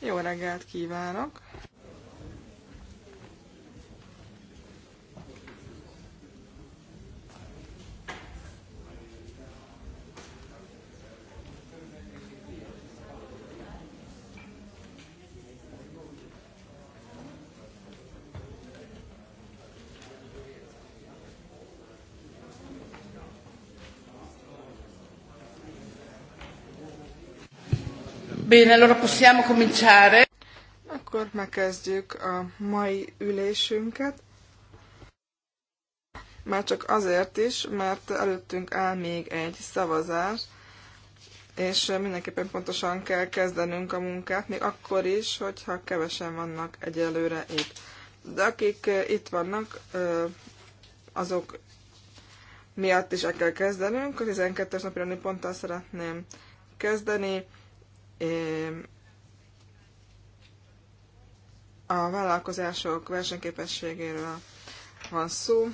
Jó reggelt kívánok! Bene, allora possiamo cominciare. Akkor megkezdjük a mai ülésünket. Már csak azért is, mert előttünk áll még egy szavazás, és mindenképpen pontosan kell kezdenünk a munkát, még akkor is, hogyha kevesen vannak egyelőre itt. De akik eh, itt vannak, eh, azok miatt is el kell kezdenünk. A 12-es napirani ponttal szeretném kezdeni a vállalkozások versenyképességéről van szó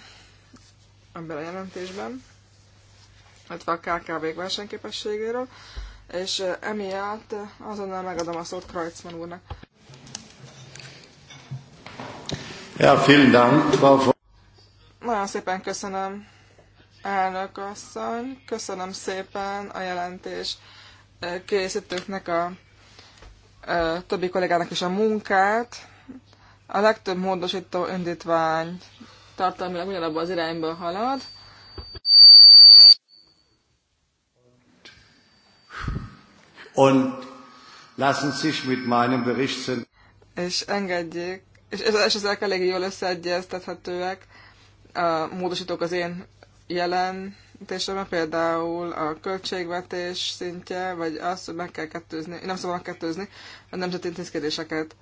ebben a jelentésben, illetve a kkv versenyképességéről, és emiatt azonnal megadom a szót Kreutzmann úrnak. Ja, vielen Dank. Nagyon szépen köszönöm, elnök asszony, köszönöm szépen a jelentés készítőknek, a, a többi kollégának is a munkát. A legtöbb módosító indítvány tartalmilag ugyanabban az irányból halad. Und lassen sich mit meinem Bericht és engedjék, és, és ezek elég jól összeegyeztethetőek a módosítók az én jelen jelentésében, például a költségvetés szintje, vagy az, hogy meg kell kettőzni, nem szabad megkettőzni a nemzeti intézkedéseket.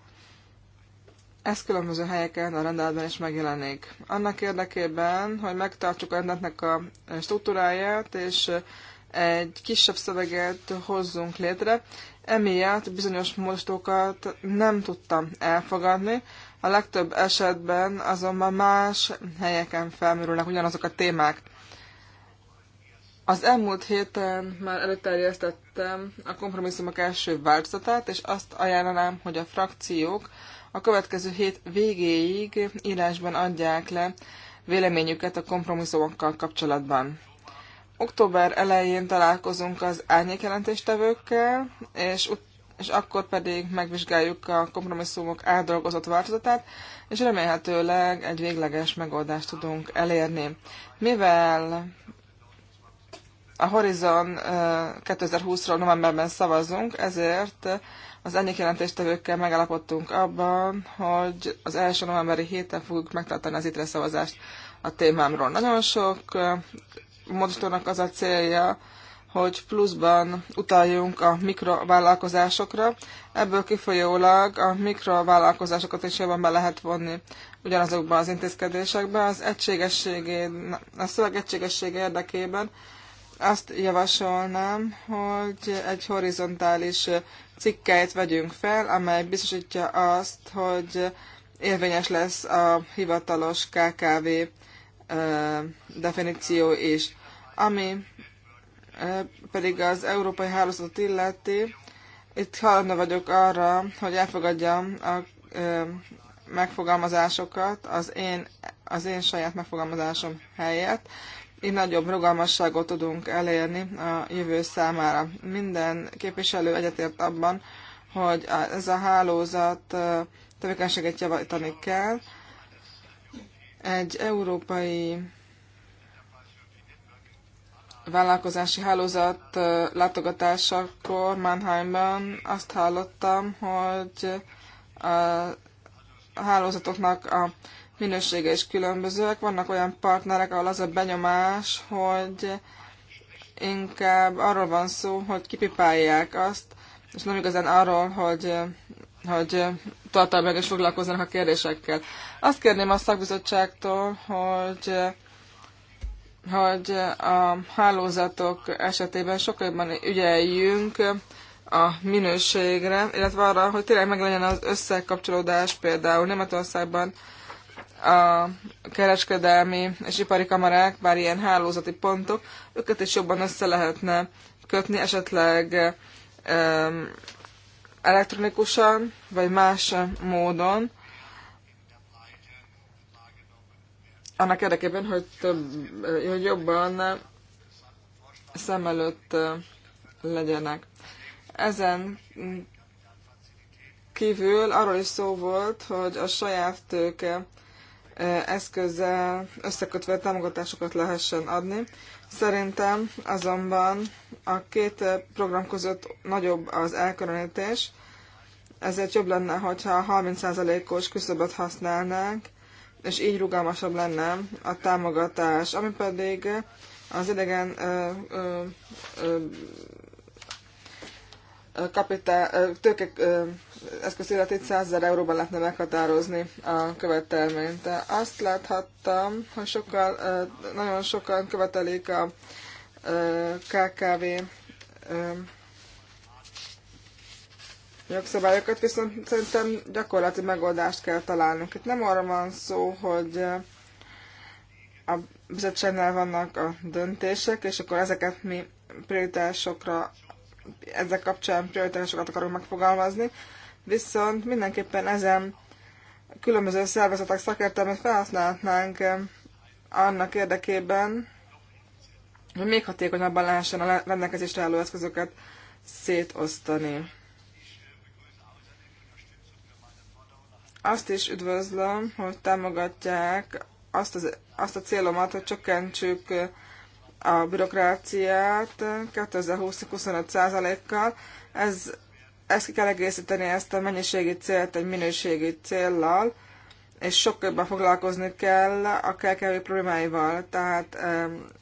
Ez különböző helyeken a rendeletben is megjelenik. Annak érdekében, hogy megtartsuk a rendetnek a struktúráját, és egy kisebb szöveget hozzunk létre, emiatt bizonyos módosítókat nem tudtam elfogadni, a legtöbb esetben azonban más helyeken felmerülnek ugyanazok a témák. Az elmúlt héten már előterjesztettem a kompromisszumok első változatát, és azt ajánlanám, hogy a frakciók a következő hét végéig írásban adják le véleményüket a kompromisszumokkal kapcsolatban. Október elején találkozunk az árnyékjelentéstevőkkel, és, és akkor pedig megvizsgáljuk a kompromisszumok átdolgozott változatát, és remélhetőleg egy végleges megoldást tudunk elérni. Mivel a Horizon 2020-ról novemberben szavazunk, ezért az ennyi jelentéstevőkkel megállapodtunk abban, hogy az első novemberi héten fogjuk megtartani az ITRE szavazást a témámról. Nagyon sok módosítónak az a célja, hogy pluszban utaljunk a mikrovállalkozásokra. Ebből kifolyólag a mikrovállalkozásokat is jobban be lehet vonni ugyanazokba az intézkedésekbe. Az egységességén, a szöveg egységessége érdekében azt javasolnám, hogy egy horizontális cikkeit vegyünk fel, amely biztosítja azt, hogy érvényes lesz a hivatalos KKV definíció is. Ami pedig az európai hálózatot illeti, itt hajlandó vagyok arra, hogy elfogadjam a megfogalmazásokat az én, az én saját megfogalmazásom helyett, így nagyobb rugalmasságot tudunk elérni a jövő számára. Minden képviselő egyetért abban, hogy ez a hálózat tevékenységet javítani kell. Egy európai vállalkozási hálózat látogatásakor Mannheimben azt hallottam, hogy a hálózatoknak a minősége is különbözőek. Vannak olyan partnerek, ahol az a benyomás, hogy inkább arról van szó, hogy kipipálják azt, és nem igazán arról, hogy, hogy tartalmilag is foglalkoznak a kérdésekkel. Azt kérném a szakbizottságtól, hogy hogy a hálózatok esetében sokkal jobban ügyeljünk a minőségre, illetve arra, hogy tényleg meglegyen az összekapcsolódás például Németországban, a kereskedelmi és ipari kamarák, bár ilyen hálózati pontok, őket is jobban össze lehetne kötni, esetleg elektronikusan, vagy más módon, annak érdekében, hogy, több, hogy jobban szem előtt legyenek. Ezen kívül arról is szó volt, hogy a saját tőke Eh, eszközzel összekötve támogatásokat lehessen adni. Szerintem azonban a két eh, program között nagyobb az elkülönítés, ezért jobb lenne, hogyha 30%-os küszöböt használnánk, és így rugalmasabb lenne a támogatás, ami pedig az idegen ö, ö, ö, kapitál, eh, tőke eszközélet itt 100 ezer euróban lehetne meghatározni a követelményt. azt láthattam, hogy sokkal, nagyon sokan követelik a KKV jogszabályokat, viszont szerintem gyakorlati megoldást kell találnunk. Itt nem arra van szó, hogy a bizottságnál vannak a döntések, és akkor ezeket mi prioritásokra, ezek kapcsán prioritásokat akarunk megfogalmazni, viszont mindenképpen ezen különböző szervezetek szakértelmét felhasználhatnánk eh, annak érdekében, hogy még hatékonyabban lehessen a rendelkezésre álló eszközöket szétosztani. Azt is üdvözlöm, hogy támogatják azt, az, azt a célomat, hogy csökkentsük eh, a bürokráciát eh, 2020-25%-kal. Ez ezt ki kell egészíteni, ezt a mennyiségi célt egy minőségi céllal, és sokkal jobban foglalkozni kell a kelkevő problémáival. Tehát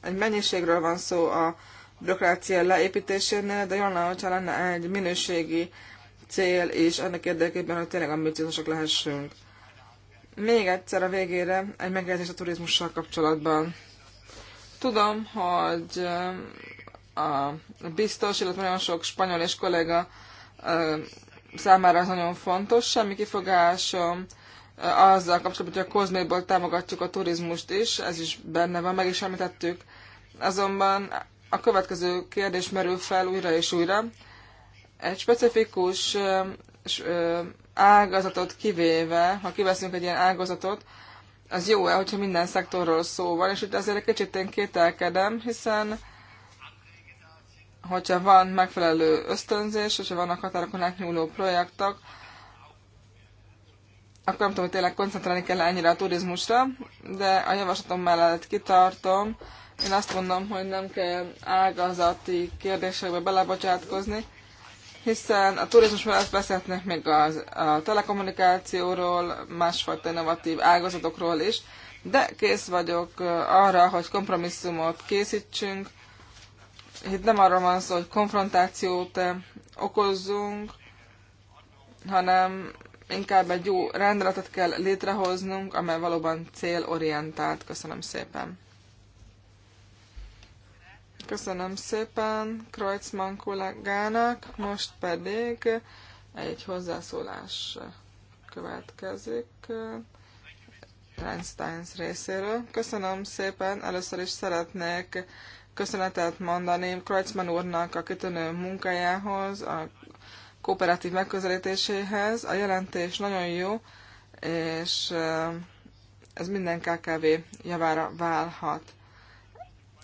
egy mennyiségről van szó a bürokrácia leépítésénél, de jól lenne, hogyha lenne egy minőségi cél, és annak érdekében, hogy tényleg ambiciózusak lehessünk. Még egyszer a végére egy megjegyzés a turizmussal kapcsolatban. Tudom, hogy a biztos, illetve nagyon sok spanyol és kollega számára az nagyon fontos. Semmi kifogásom azzal kapcsolatban, hogy a Kozméból támogatjuk a turizmust is, ez is benne van, meg is említettük. Azonban a következő kérdés merül fel újra és újra. Egy specifikus ágazatot kivéve, ha kiveszünk egy ilyen ágazatot, az jó-e, hogyha minden szektorról szó van, és itt azért egy kicsit én kételkedem, hiszen hogyha van megfelelő ösztönzés, hogyha vannak határokon átnyúló projektek, akkor nem tudom, hogy tényleg koncentrálni kell ennyire a turizmusra, de a javaslatom mellett kitartom. Én azt mondom, hogy nem kell ágazati kérdésekbe belebocsátkozni, hiszen a turizmus mellett beszélhetnek még az, a telekommunikációról, másfajta innovatív ágazatokról is, de kész vagyok arra, hogy kompromisszumot készítsünk, itt nem arra van szó, hogy konfrontációt eh, okozzunk, hanem inkább egy jó rendeletet kell létrehoznunk, amely valóban célorientált. Köszönöm szépen. Köszönöm szépen Kreutzmann kollégának, most pedig egy hozzászólás következik eh, Einsteins részéről. Köszönöm szépen, először is szeretnék köszönetet mondani Kreutzmann úrnak a kitűnő munkájához, a kooperatív megközelítéséhez. A jelentés nagyon jó, és eh, ez minden KKV javára válhat.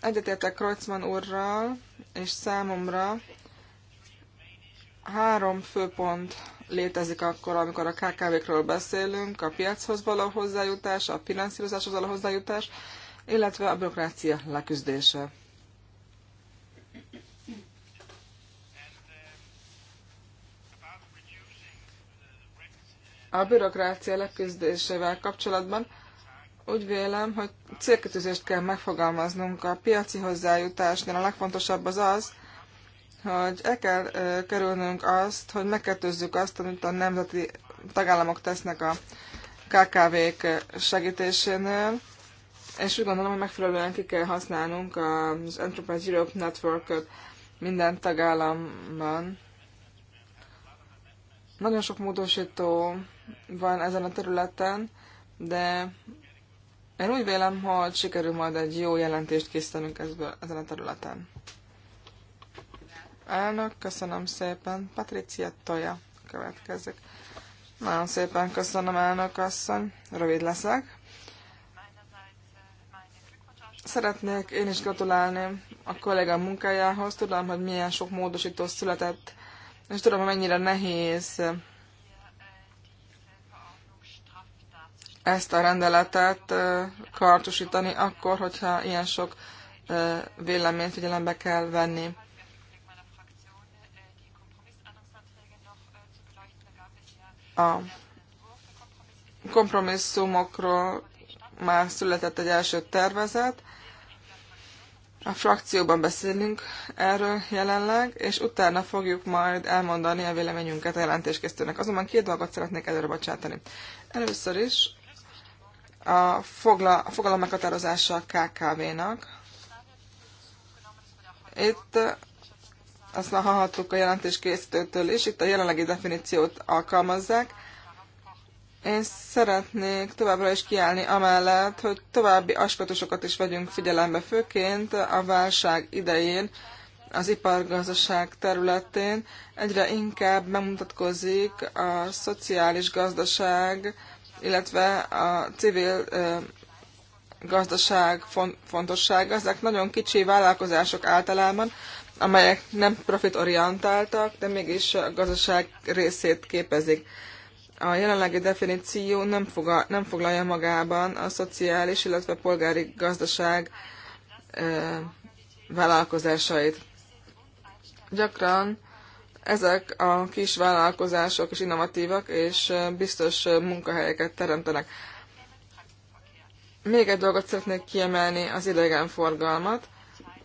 Egyetértek Kreutzmann úrral, és számomra három főpont létezik akkor, amikor a KKV-kről beszélünk, a piachoz való hozzájutás, a finanszírozáshoz való hozzájutás, illetve a bürokrácia leküzdése. A bürokrácia leküzdésével kapcsolatban úgy vélem, hogy célkötözést kell megfogalmaznunk a piaci hozzájutásnál. A legfontosabb az az, hogy el kell kerülnünk azt, hogy megkettőzzük azt, amit a nemzeti tagállamok tesznek a KKV-k segítésénél, és úgy gondolom, hogy megfelelően ki kell használnunk az Enterprise Europe Network-öt minden tagállamban. Nagyon sok módosító van ezen a területen, de én úgy vélem, hogy sikerül majd egy jó jelentést készítenünk ezen a területen. Elnök, köszönöm szépen. Patricia Toja következik. Nagyon szépen köszönöm, elnök asszony. Rövid leszek. Szeretnék én is gratulálni a kollégám munkájához. Tudom, hogy milyen sok módosító született, és tudom, hogy mennyire nehéz ezt a rendeletet kartusítani akkor, hogyha ilyen sok véleményt figyelembe kell venni. A kompromisszumokról már született egy első tervezet, a frakcióban beszélünk erről jelenleg, és utána fogjuk majd elmondani a véleményünket a jelentéskészítőnek. Azonban két dolgot szeretnék előre bocsátani. Először is a, fogla, a fogalom meghatározása a KKV-nak. Itt azt már hallhattuk a jelentés készítőtől is, itt a jelenlegi definíciót alkalmazzák. Én szeretnék továbbra is kiállni amellett, hogy további aspektusokat is vegyünk figyelembe, főként a válság idején, az ipargazdaság területén egyre inkább bemutatkozik a szociális gazdaság, illetve a civil gazdaság fontossága. Ezek nagyon kicsi vállalkozások általában, amelyek nem profitorientáltak, de mégis a gazdaság részét képezik. A jelenlegi definíció nem, foga, nem foglalja magában a szociális, illetve polgári gazdaság vállalkozásait. Gyakran ezek a kis vállalkozások is innovatívak, és biztos munkahelyeket teremtenek. Még egy dolgot szeretnék kiemelni, az idegenforgalmat.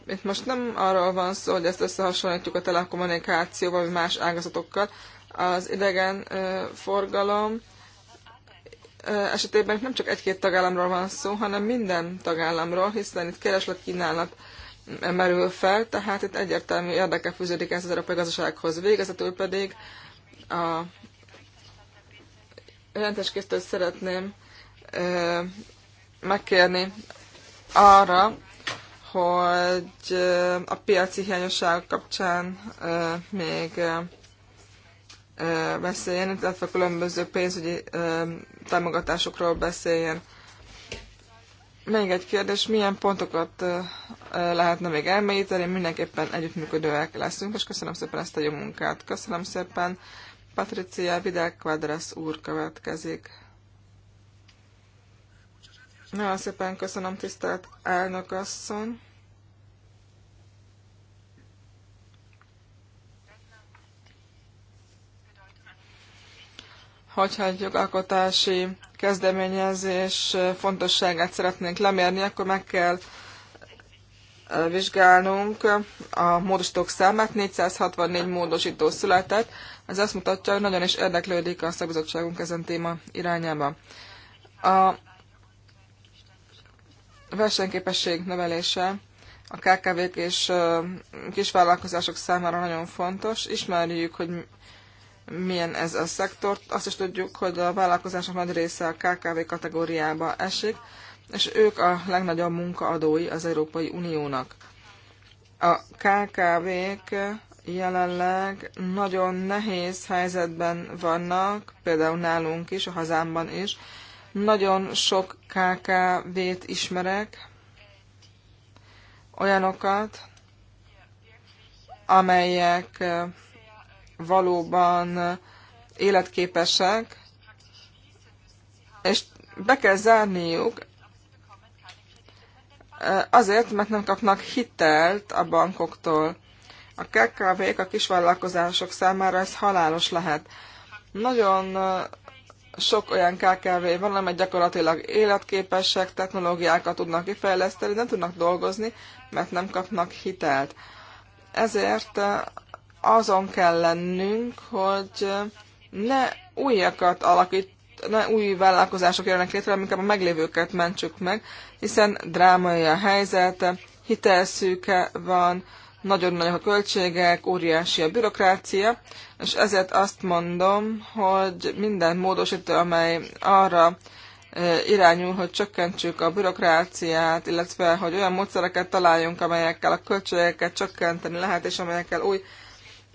Itt most nem arról van szó, hogy ezt összehasonlítjuk a telekommunikációval, vagy más ágazatokkal. Az idegenforgalom esetében nem csak egy-két tagállamról van szó, hanem minden tagállamról, hiszen itt kereslet kínálat merül fel, tehát itt egyértelmű érdeke fűződik ez az európai gazdasághoz. Végezetül pedig a jelentéskésztől szeretném ö, megkérni arra, hogy a piaci hiányosság kapcsán ö, még ö, beszéljen, illetve különböző pénzügyi ö, támogatásokról beszéljen. Még egy kérdés, milyen pontokat lehetne még elmélyíteni, mindenképpen együttműködőek leszünk, és köszönöm szépen ezt a jó munkát. Köszönöm szépen, Patricia Vidal Quadras úr következik. Nagyon szépen köszönöm, tisztelt elnök asszony. hogyha egy jogalkotási kezdeményezés fontosságát szeretnénk lemérni, akkor meg kell vizsgálnunk a módosítók számát. 464 módosító született. Ez azt mutatja, hogy nagyon is érdeklődik a szakbizottságunk ezen téma irányába. A versenyképesség növelése a KKV-k és kisvállalkozások számára nagyon fontos. Ismerjük, hogy milyen ez a szektor. Azt is tudjuk, hogy a vállalkozások nagy része a KKV kategóriába esik, és ők a legnagyobb munkaadói az Európai Uniónak. A KKV-k jelenleg nagyon nehéz helyzetben vannak, például nálunk is, a hazámban is. Nagyon sok KKV-t ismerek, olyanokat, amelyek valóban életképesek, és be kell zárniuk azért, mert nem kapnak hitelt a bankoktól. A KKV-k, a kisvállalkozások számára ez halálos lehet. Nagyon sok olyan KKV van, amely gyakorlatilag életképesek, technológiákat tudnak kifejleszteni, nem tudnak dolgozni, mert nem kapnak hitelt. Ezért azon kell lennünk, hogy ne újakat alakít, ne új vállalkozások jönnek létre, inkább a meglévőket mentsük meg, hiszen drámai a helyzet, hitelszűke van, nagyon nagyok a költségek, óriási a bürokrácia, és ezért azt mondom, hogy minden módosító, amely arra irányul, hogy csökkentsük a bürokráciát, illetve hogy olyan módszereket találjunk, amelyekkel a költségeket csökkenteni lehet, és amelyekkel új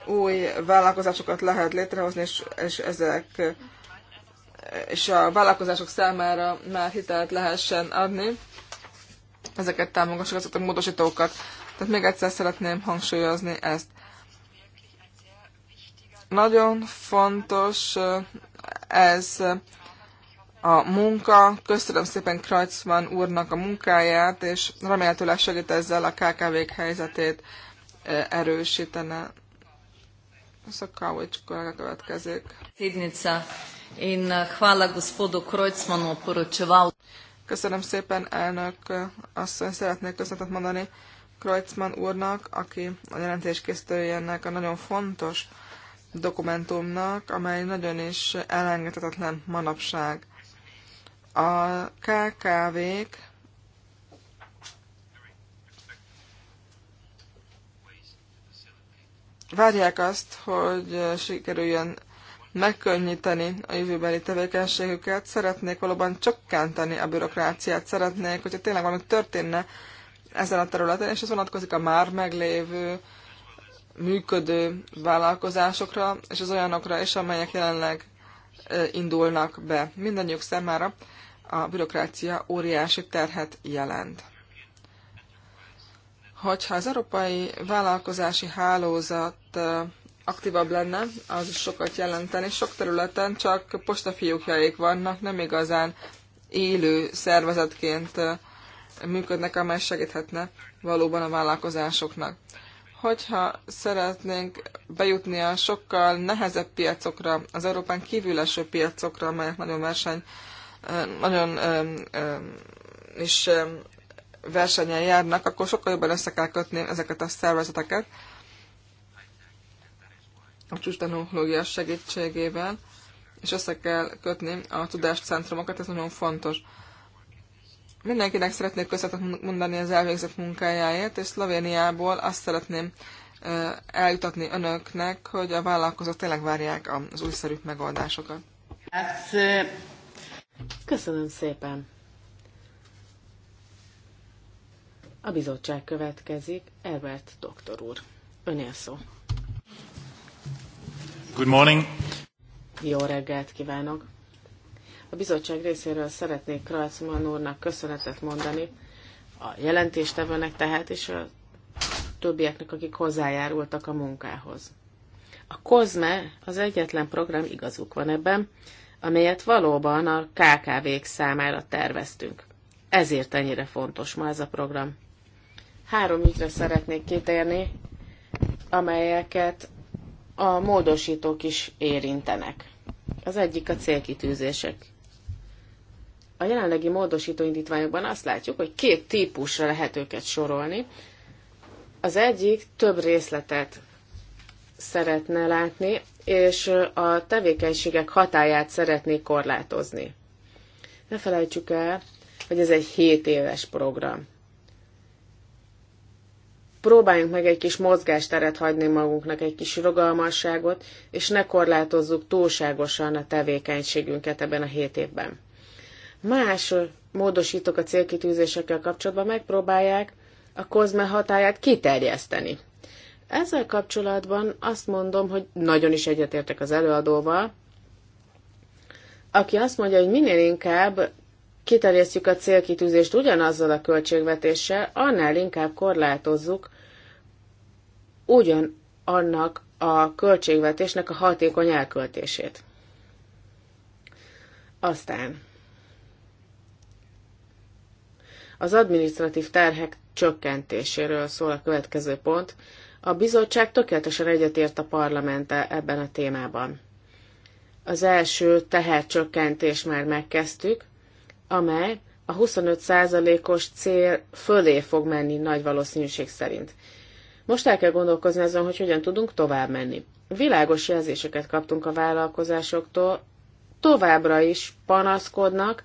új vállalkozásokat lehet létrehozni, és, és ezek és a vállalkozások számára már hitelt lehessen adni. Ezeket támogassuk, ezeket a módosítókat. Tehát még egyszer szeretném hangsúlyozni ezt. Nagyon fontos eh, ez a munka. Köszönöm szépen Kreutzmann úrnak a munkáját, és remélhetőleg segít ezzel a KKV-k helyzetét eh, erősítene. Szakávics következik. Tidnica, én eh, hvala gospodu Krojcmanu poročeval. Köszönöm szépen, elnök asszony, szeretnék köszönetet mondani Kreutzmann úrnak, aki a jelentéskészítője ennek a nagyon fontos dokumentumnak, amely nagyon is elengedhetetlen manapság. A KKV-k várják azt, hogy sikerüljön megkönnyíteni a jövőbeli tevékenységüket, szeretnék valóban csökkenteni a bürokráciát, szeretnék, hogyha tényleg valami történne ezen a területen, és ez vonatkozik a már meglévő, működő vállalkozásokra, és az olyanokra is, amelyek jelenleg indulnak be. Mindannyiuk számára a bürokrácia óriási terhet jelent. Hogyha az európai vállalkozási hálózat aktívabb lenne, az is sokat jelenteni. Sok területen csak postafiúkjaik vannak, nem igazán élő szervezetként működnek, amely segíthetne valóban a vállalkozásoknak. Hogyha szeretnénk bejutni a sokkal nehezebb piacokra, az Európán kívüleső piacokra, amelyek nagyon verseny, nagyon is versenyen járnak, akkor sokkal jobban össze kell kötni ezeket a szervezeteket a csúcstechnológia segítségével, és össze kell kötni a tudáscentrumokat, ez nagyon fontos. Mindenkinek szeretnék köszönetet mondani az elvégzett munkájáért, és Szlovéniából azt szeretném eljutatni önöknek, hogy a vállalkozók tényleg várják az újszerű megoldásokat. Hát, Köszönöm szépen! A bizottság következik. Erbert doktor úr, önél szó. Good morning. Jó reggelt kívánok. A bizottság részéről szeretnék Kralcman úrnak köszönetet mondani, a jelentéstevőnek tehát, is a többieknek, akik hozzájárultak a munkához. A COSME az egyetlen program igazuk van ebben, amelyet valóban a KKV-k számára terveztünk. Ezért ennyire fontos ma ez a program. Három ügyre szeretnék kitérni, amelyeket a módosítók is érintenek. Az egyik a célkitűzések. A jelenlegi módosító indítványokban azt látjuk, hogy két típusra lehet őket sorolni. Az egyik több részletet szeretne látni, és a tevékenységek hatáját szeretné korlátozni. Ne felejtsük el, hogy ez egy 7 éves program próbáljunk meg egy kis mozgásteret hagyni magunknak, egy kis rugalmasságot, és ne korlátozzuk túlságosan a tevékenységünket ebben a hét évben. Más módosítók a célkitűzésekkel kapcsolatban megpróbálják a kozme hatáját kiterjeszteni. Ezzel kapcsolatban azt mondom, hogy nagyon is egyetértek az előadóval, aki azt mondja, hogy minél inkább kiterjesztjük a célkitűzést ugyanazzal a költségvetéssel, annál inkább korlátozzuk ugyanannak a költségvetésnek a hatékony elköltését. Aztán az administratív terhek csökkentéséről szól a következő pont. A bizottság tökéletesen egyetért a parlamente ebben a témában. Az első tehercsökkentés már megkezdtük, amely a 25%-os cél fölé fog menni nagy valószínűség szerint. Most el kell gondolkozni azon, hogy hogyan tudunk tovább menni. Világos jelzéseket kaptunk a vállalkozásoktól, továbbra is panaszkodnak,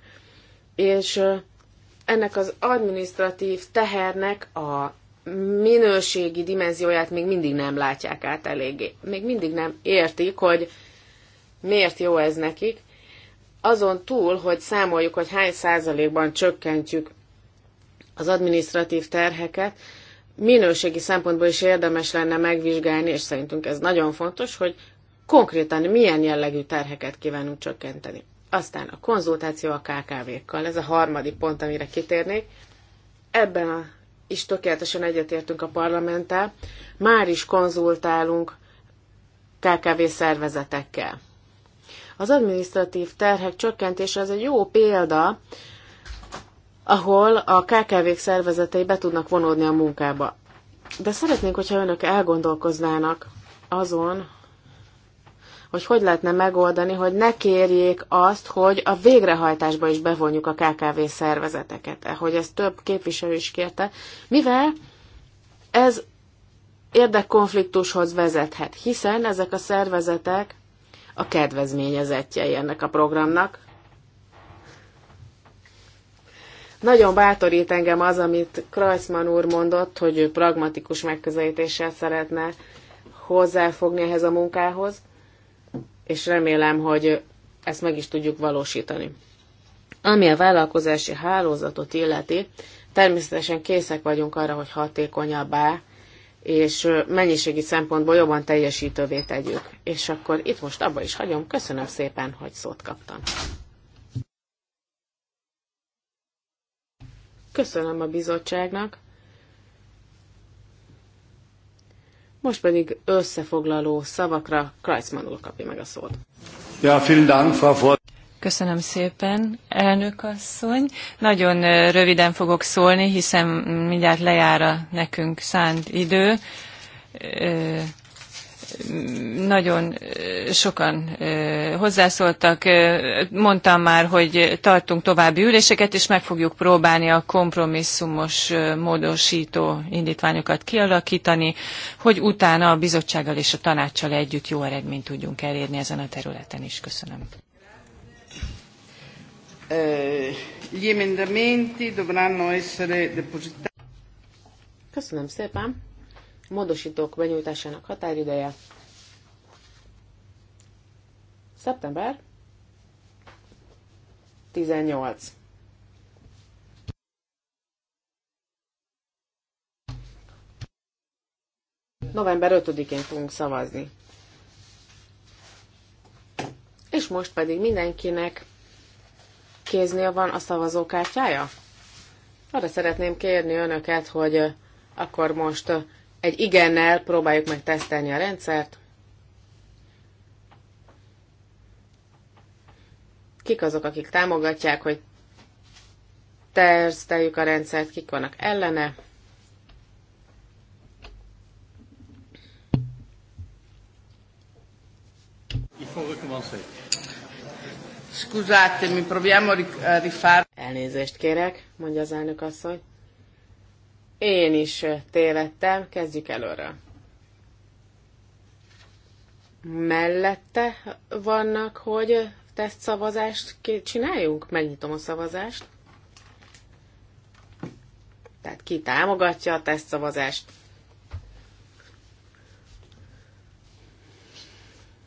és ennek az administratív tehernek a minőségi dimenzióját még mindig nem látják át eléggé. Még mindig nem értik, hogy miért jó ez nekik, azon túl, hogy számoljuk, hogy hány százalékban csökkentjük az administratív terheket, minőségi szempontból is érdemes lenne megvizsgálni, és szerintünk ez nagyon fontos, hogy konkrétan milyen jellegű terheket kívánunk csökkenteni. Aztán a konzultáció a KKV-kkal, ez a harmadik pont, amire kitérnék. Ebben a, is tökéletesen egyetértünk a parlamenttel, már is konzultálunk KKV szervezetekkel. Az administratív terhek csökkentése az egy jó példa, ahol a KKV-k szervezetei be tudnak vonódni a munkába. De szeretnénk, hogyha önök elgondolkoznának azon, hogy hogy lehetne megoldani, hogy ne kérjék azt, hogy a végrehajtásba is bevonjuk a KKV szervezeteket, hogy ezt több képviselő is kérte, mivel ez érdekkonfliktushoz vezethet, hiszen ezek a szervezetek a kedvezményezettjei ennek a programnak. Nagyon bátorít engem az, amit Kreuzmann úr mondott, hogy ő pragmatikus megközelítéssel szeretne hozzáfogni ehhez a munkához, és remélem, hogy ezt meg is tudjuk valósítani. Ami a vállalkozási hálózatot illeti, természetesen készek vagyunk arra, hogy hatékonyabbá és mennyiségi szempontból jobban teljesítővé tegyük. És akkor itt most abba is hagyom. Köszönöm szépen, hogy szót kaptam. Köszönöm a bizottságnak. Most pedig összefoglaló szavakra Kreisman úr kapja meg a szót. Ja, vielen Dank, Frau Köszönöm szépen, elnök asszony. Nagyon röviden fogok szólni, hiszen mindjárt lejár a nekünk szánt idő. Nagyon sokan hozzászóltak, mondtam már, hogy tartunk további üléseket, és meg fogjuk próbálni a kompromisszumos módosító indítványokat kialakítani, hogy utána a bizottsággal és a tanácssal együtt jó eredményt tudjunk elérni ezen a területen is. Köszönöm. Eh, gli emendamenti dovranno essere depositati. Köszönöm szépen. Módosítók benyújtásának határideje. Szeptember 18. November 5-én fogunk szavazni. És most pedig mindenkinek kéznél van a szavazókártyája? Arra szeretném kérni önöket, hogy akkor most egy igennel próbáljuk meg tesztelni a rendszert. Kik azok, akik támogatják, hogy teszteljük a rendszert, kik vannak ellene? Il faut recommencer mi proviamo a rifare. Elnézést kérek, mondja az elnök asszony. Én is tévedtem, kezdjük előről. Mellette vannak, hogy tesztszavazást csináljunk? Megnyitom a szavazást. Tehát ki támogatja a tesztszavazást?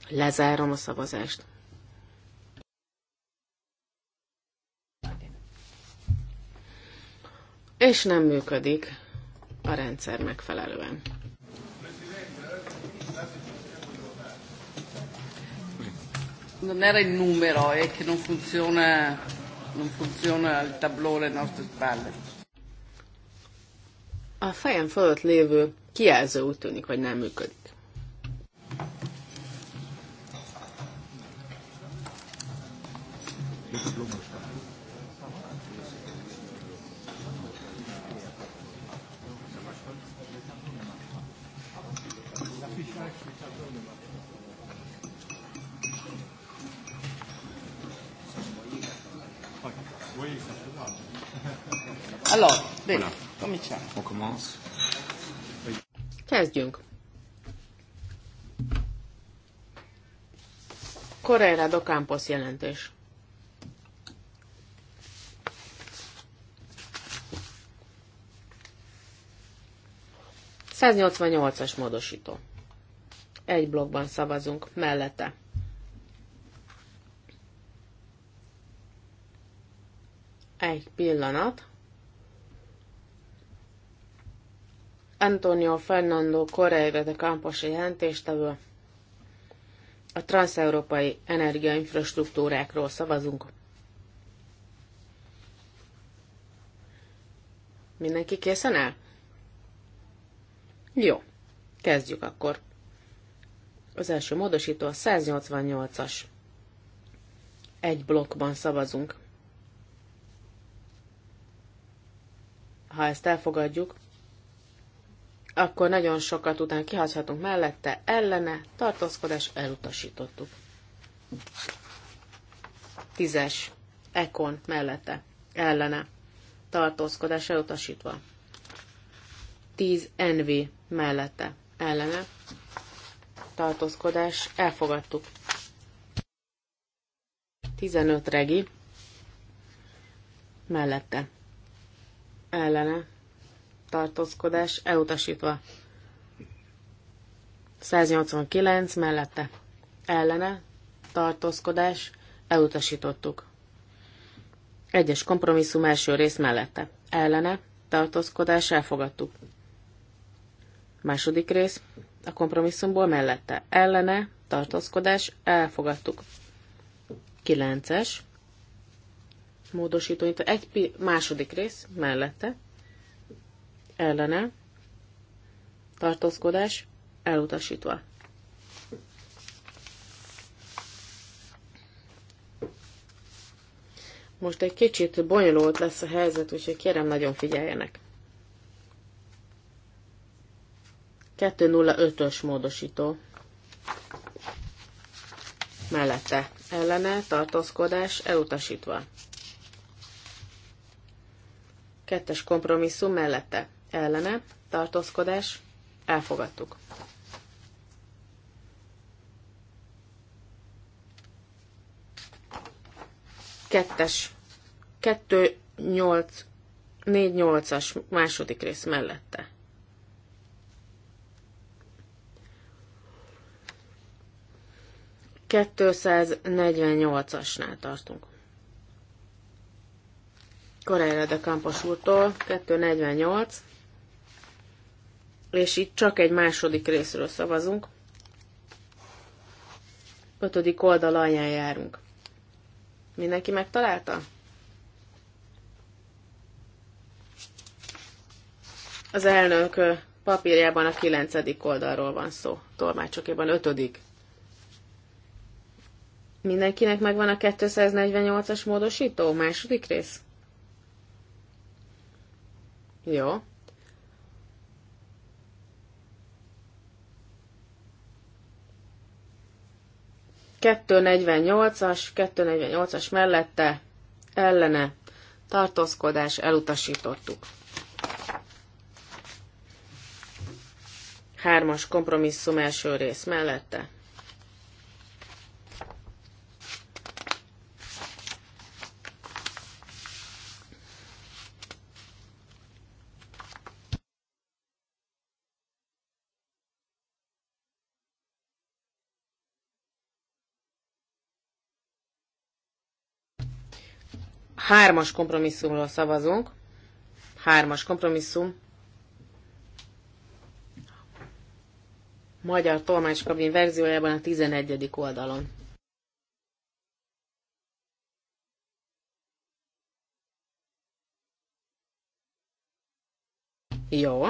Lezárom a szavazást. és nem működik a rendszer megfelelően. Non era il numero, è che non funziona, non funziona il tablò alle nostre spalle. A fejem fölött lévő kijelző úgy tűnik, hogy nem működik. a Alors, bene, On commence. Kezdjünk. Correra do Campos jelentés. as módosító. Egy blokkban szavazunk, mellette. Egy pillanat. Antonio Fernando Correira de Campos jelentéstevő. A transeurópai energiainfrastruktúrákról szavazunk. Mindenki készen áll? Jó, kezdjük akkor. Az első módosító a 188-as. Egy blokkban szavazunk. Ha ezt elfogadjuk, akkor nagyon sokat után kihazhatunk mellette, ellene, tartózkodás, elutasítottuk. Tízes, ekon, mellette, ellene, tartózkodás, elutasítva. Tíz, envi, mellette, ellene, tartózkodás, elfogadtuk. Tizenöt regi, mellette, ellene, tartózkodás elutasítva. 189 mellette ellene tartózkodás elutasítottuk. Egyes kompromisszum első rész mellette ellene tartózkodás elfogadtuk. Második rész a kompromisszumból mellette ellene tartózkodás elfogadtuk. 9-es módosító, egy második rész mellette ellene, tartózkodás elutasítva. Most egy kicsit bonyolult lesz a helyzet, úgyhogy kérem nagyon figyeljenek. 205-ös módosító. Mellette ellene tartózkodás elutasítva. Kettes kompromisszum mellette ellene, tartózkodás, elfogadtuk. Kettes, kettő, nyolc, négy nyolcas második rész mellette. Kettőszáz nyolcasnál tartunk. Korájra de Kampos úrtól, 248, és itt csak egy második részről szavazunk. Ötödik oldal alján járunk. Mindenki megtalálta? Az elnök papírjában a kilencedik oldalról van szó, tolmácsokéban ötödik. Mindenkinek megvan a 248-as módosító, második rész? Jó. 248-as, 248-as mellette ellene tartózkodás elutasítottuk. Hármas kompromisszum első rész mellette Hármas kompromisszumról szavazunk. Hármas kompromisszum. Magyar tolmácskabin verziójában a 11. oldalon. Jó.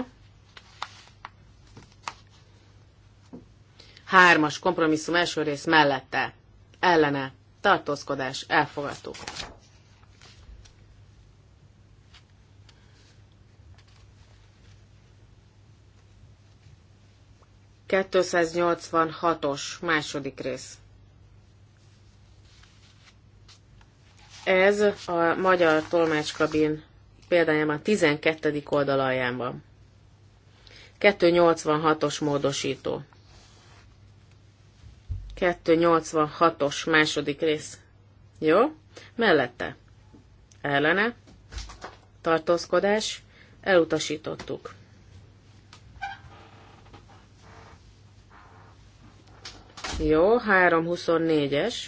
Hármas kompromisszum első rész mellette. Ellene. Tartózkodás. Elfogadtuk. 286-os második rész. Ez a magyar tolmácskabin példájában 12. oldalalján van. 286-os módosító. 286-os második rész. Jó? Mellette. Ellene. Tartózkodás. Elutasítottuk. Jó, 324-es.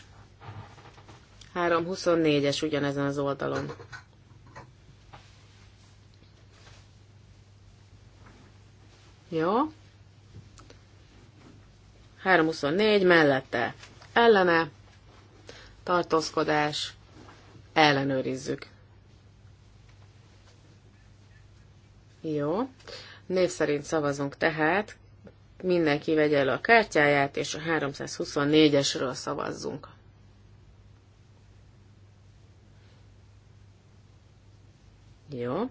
324-es ugyanezen az oldalon. Jó. 324 mellette. Ellene. Tartózkodás. Ellenőrizzük. Jó. Név szerint szavazunk tehát Mindenki vegye el a kártyáját, és a 324-esről szavazzunk. Jó.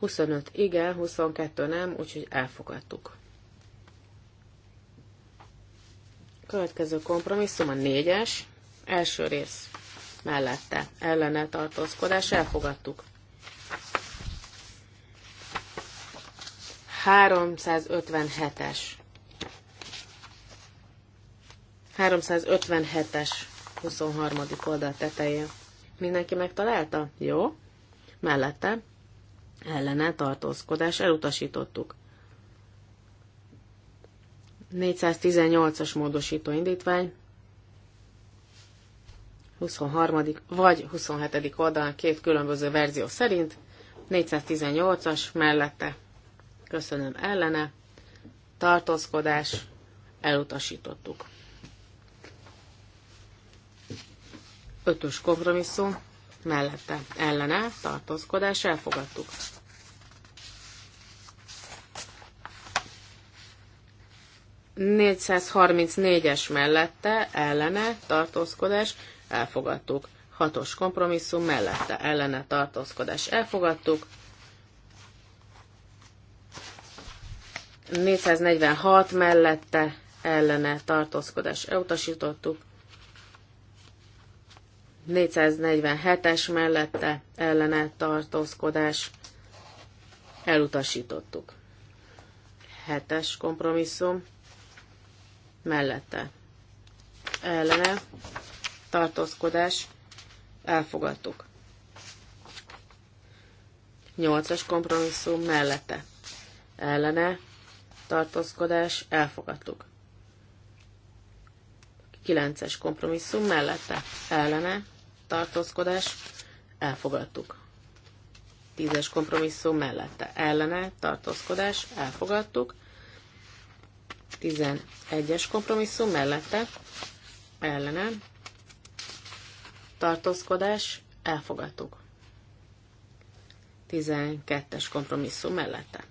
25 igen, 22 nem, úgyhogy elfogadtuk. Következő kompromisszum a 4-es, első rész mellette ellene tartózkodás, elfogadtuk. 357-es 357-es 23. oldal tetején. Mindenki megtalálta? Jó. Mellette ellene tartózkodás elutasítottuk. 418-as módosító indítvány, 23. vagy 27. oldalán két különböző verzió szerint, 418-as mellette, köszönöm ellene, tartózkodás, elutasítottuk. Ötös kompromisszum mellette ellene tartózkodás elfogadtuk. es mellette ellene tartózkodás elfogadtuk. Hatos kompromisszum mellette ellene tartózkodás elfogadtuk. 446 mellette ellene tartózkodás elutasítottuk. 447-es mellette ellene tartózkodás elutasítottuk. 7-es kompromisszum mellette ellene tartózkodás elfogadtuk. 8-as kompromisszum mellette ellene tartózkodás elfogadtuk. 9-es kompromisszum mellette ellene tartózkodás, elfogadtuk. Tízes kompromisszum mellette ellene tartózkodás, elfogadtuk. Tizenegyes kompromisszum mellette ellene tartózkodás, elfogadtuk. Tizenkettes kompromisszum mellette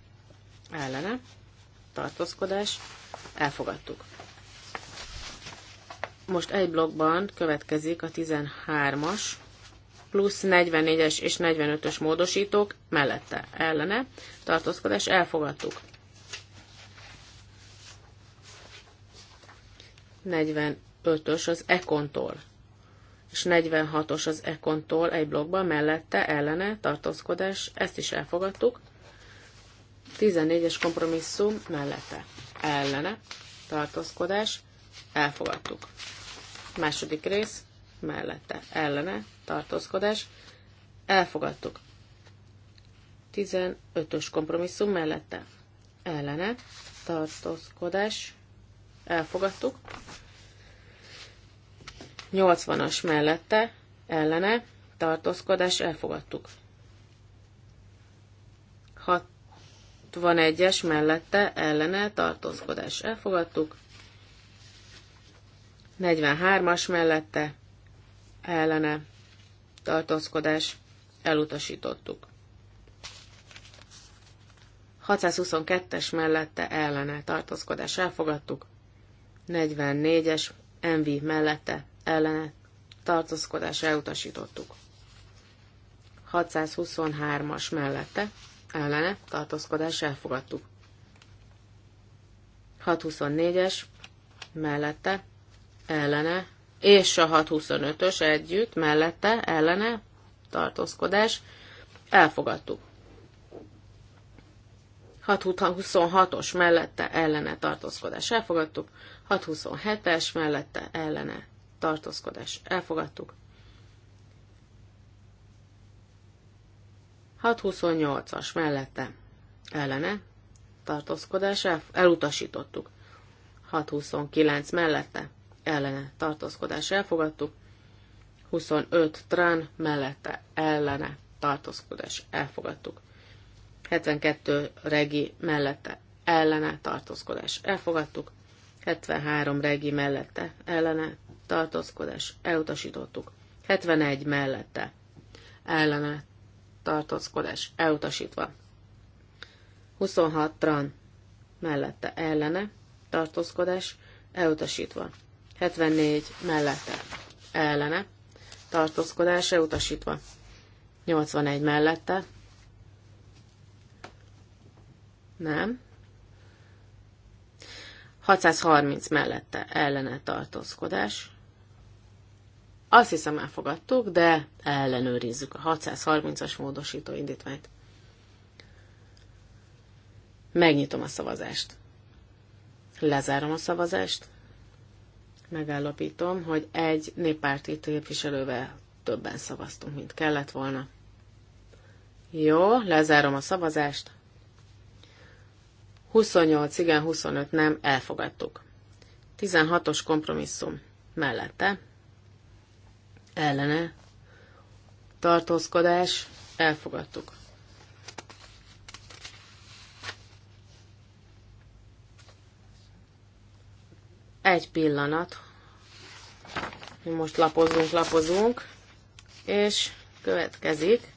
ellene tartózkodás, elfogadtuk. Most egy blokkban következik a 13-as, plusz 44-es és 45-ös módosítók mellette ellene tartózkodás elfogadtuk. 45-ös az ekontól és 46-os az ekontól egy blokkban mellette ellene tartózkodás, ezt is elfogadtuk. 14-es kompromisszum mellette ellene tartózkodás, elfogadtuk. Második rész mellette ellene tartózkodás. Elfogadtuk. 15-ös kompromisszum mellette ellene tartózkodás. Elfogadtuk. 80-as mellette ellene tartózkodás. Elfogadtuk. 61-es mellette ellene tartózkodás. Elfogadtuk. 43-as mellette ellene tartózkodás elutasítottuk. 622-es mellette ellene tartózkodás elfogadtuk, 44-es MV mellette ellene tartózkodás elutasítottuk. 623-as mellette ellene tartózkodás elfogadtuk. 624-es mellette ellene, és a 625-ös együtt, mellette, ellene, tartózkodás, elfogadtuk. 626-os mellette ellene tartózkodás elfogadtuk, 627-es mellette ellene tartózkodás elfogadtuk. 628-as mellette ellene tartózkodás el, elutasítottuk. 629 mellette ellene tartózkodás elfogadtuk, 25 trán mellette ellene tartózkodás elfogadtuk, 72 regi mellette ellene tartózkodás elfogadtuk, 73 regi mellette ellene tartózkodás elutasítottuk, 71 mellette ellene tartózkodás elutasítva, 26 tran mellette ellene tartózkodás elutasítva. 74 mellette ellene, tartózkodásra elutasítva. 81 mellette. Nem. 630 mellette ellene tartózkodás. Azt hiszem elfogadtuk, de ellenőrizzük a 630-as módosító indítványt. Megnyitom a szavazást. Lezárom a szavazást megállapítom, hogy egy néppárti képviselővel többen szavaztunk, mint kellett volna. Jó, lezárom a szavazást. 28 igen, 25 nem, elfogadtuk. 16-os kompromisszum mellette. Ellene. Tartózkodás, elfogadtuk. Egy pillanat. Most lapozunk, lapozunk, és következik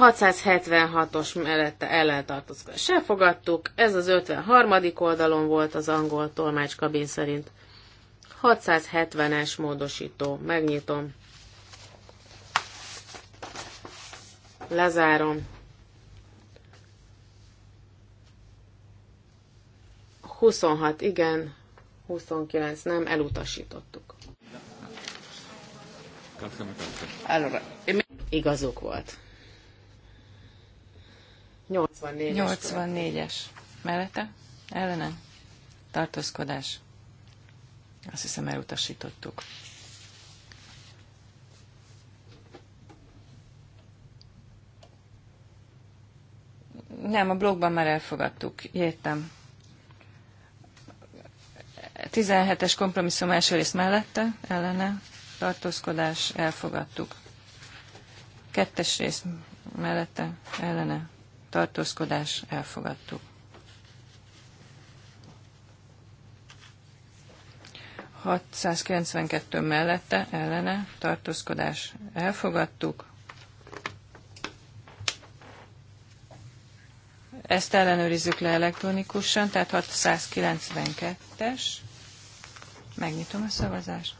676-os mellette se fogadtuk. ez az 53. oldalon volt az angol tolmácskabin szerint. 670-es módosító, megnyitom. Lezárom. 26 igen, 29 nem, elutasítottuk. Allora, igazuk volt. 84-es. 84-es. Mellette? Ellene? Tartózkodás. Azt hiszem elutasítottuk. Nem, a blogban már elfogadtuk. Értem. 17-es kompromisszum első rész mellette, ellene, tartózkodás, elfogadtuk. Kettes rész mellette, ellene, tartózkodás, elfogadtuk. 692 mellette, ellene, tartózkodás, elfogadtuk. Ezt ellenőrizzük le elektronikusan, tehát 692-es. Megnyitom a szavazást.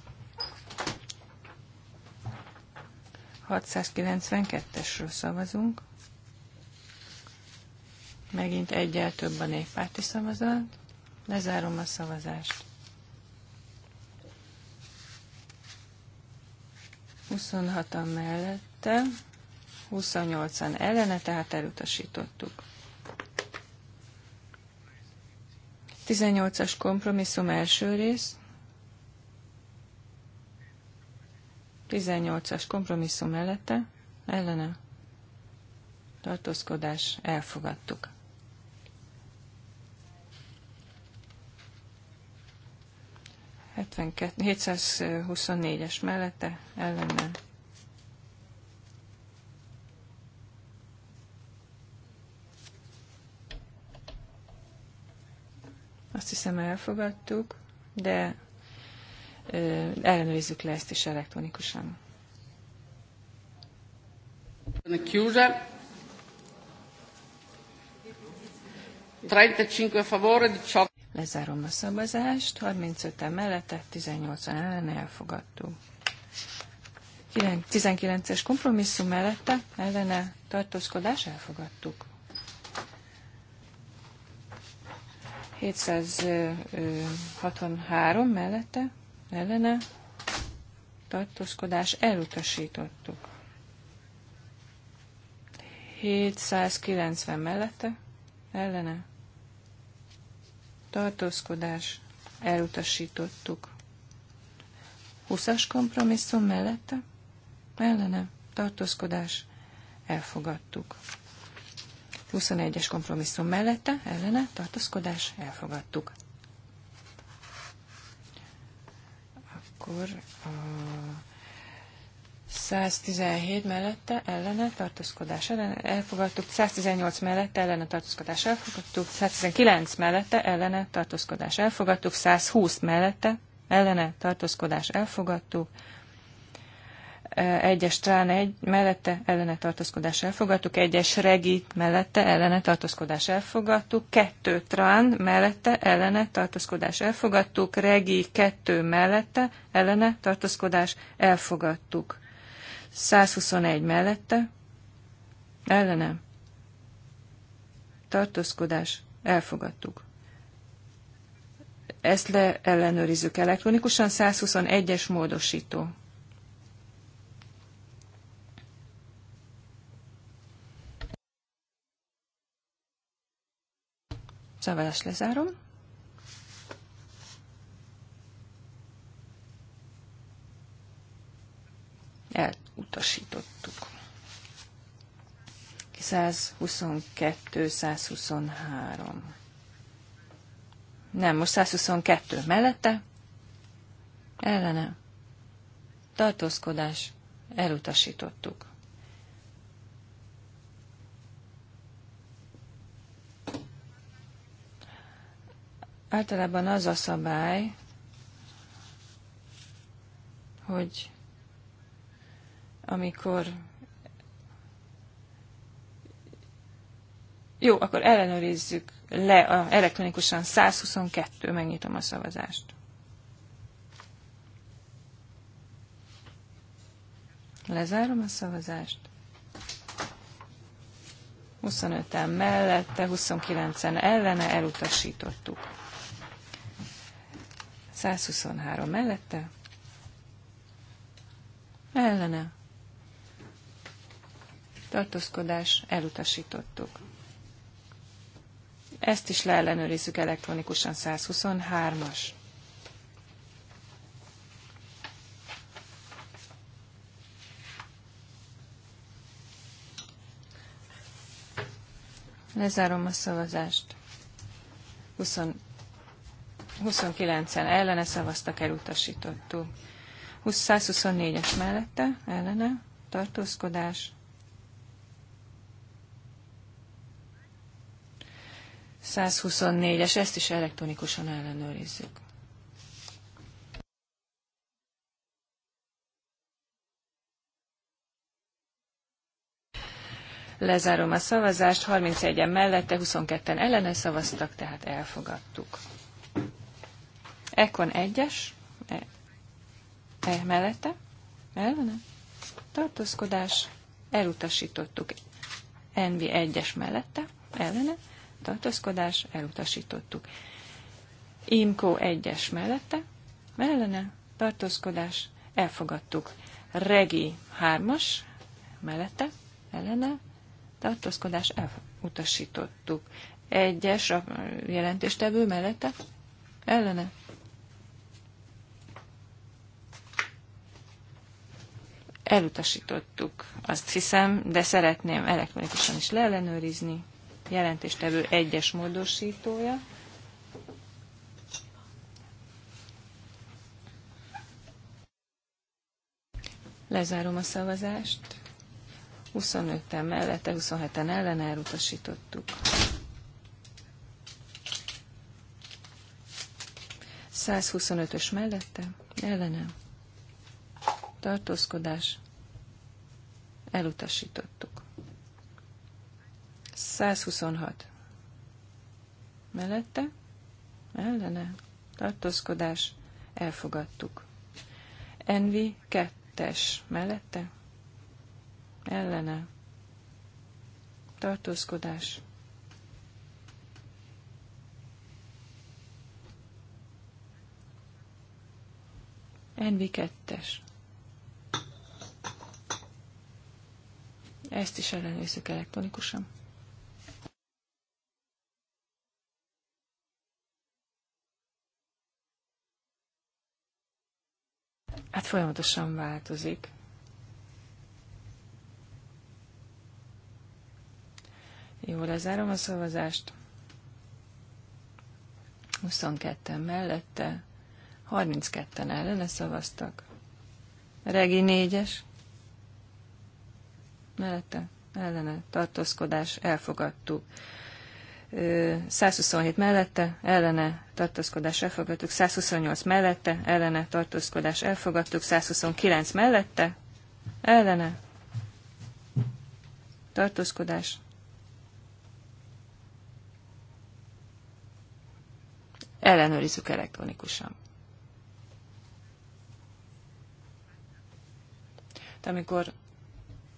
692-esről szavazunk. Megint egyel több a néppárti szavazat. Lezárom a szavazást. 26-an mellette, 28-an ellene, tehát elutasítottuk. 18-as kompromisszum első rész. 18-as kompromisszum mellette, ellene. Tartózkodás, elfogadtuk. 724-es mellette ellene Azt hiszem elfogadtuk, de ellenőrizzük le ezt is elektronikusan. Chiusa. 35 a favore, 18. Lezárom a szavazást. 35-en mellette, 18-an ellen elfogadtuk. 19-es kompromisszum mellette ellene tartózkodás elfogadtuk. 763 mellette ellene tartózkodás elutasítottuk. 790 mellette ellene tartózkodás, elutasítottuk. 20-as kompromisszum mellette, ellene, tartózkodás, elfogadtuk. 21-es kompromisszum mellette, ellene, tartózkodás, elfogadtuk. Akkor a 117 mellette ellene tartózkodás ellen elfogadtuk, 118 mellette ellene tartózkodás elfogadtuk, 119 mellette ellene tartózkodás elfogadtuk, 120 mellette ellene tartózkodás elfogadtuk, e, egyes trán egy mellette ellene tartózkodás elfogadtuk, egyes regi mellette ellene tartózkodás elfogadtuk, Kettő trán mellette ellene tartózkodás elfogadtuk, regi kettő mellette ellene tartózkodás elfogadtuk. 121 mellette, ellene, tartózkodás, elfogadtuk. Ezt le ellenőrizzük elektronikusan, 121-es módosító. Szavazást lezárom. El, utasítottuk. 122-123. Nem, most 122 mellette. Ellene. Tartózkodás. Elutasítottuk. Általában az a szabály, hogy amikor jó, akkor ellenőrizzük le a elektronikusan 122, megnyitom a szavazást. Lezárom a szavazást. 25-en mellette, 29-en ellene elutasítottuk. 123 mellette. Ellene tartózkodás, elutasítottuk. Ezt is leellenőrizzük elektronikusan 123-as. Lezárom a szavazást. 20, 29-en ellene szavaztak, elutasítottuk. 124-es mellette, ellene, tartózkodás, 124-es, ezt is elektronikusan ellenőrizzük. Lezárom a szavazást, 31-en mellette, 22-en ellene szavaztak, tehát elfogadtuk. Ekon 1-es, e, e, mellette, ellene, tartózkodás, elutasítottuk. NV 1-es mellette, ellene, tartózkodás, elutasítottuk. Imkó egyes mellette, mellene, tartózkodás, elfogadtuk. Regi hármas mellette, ellene, tartózkodás, elutasítottuk. Egyes a jelentéstevő mellette, ellene, elutasítottuk, azt hiszem, de szeretném elektronikusan is leellenőrizni jelentéstevő egyes módosítója. Lezárom a szavazást. 25-en mellette, 27-en ellen elutasítottuk. 125-ös mellette, ellenem. Tartózkodás. Elutasítottuk. 126. Mellette? Ellene? Tartózkodás? Elfogadtuk. Envi kettes. Mellette? Ellene? Tartózkodás? Envi kettes. Ezt is ellenőrzük elektronikusan. hát folyamatosan változik. Jó, lezárom a szavazást. 22-en mellette, 32-en ellene szavaztak. Regi 4-es. Mellette, ellene, tartózkodás, elfogadtuk. 127 mellette, ellene tartózkodás elfogadtuk, 128 mellette, ellene tartózkodás elfogadtuk, 129 mellette, ellene tartózkodás. Ellenőrizzük elektronikusan. De amikor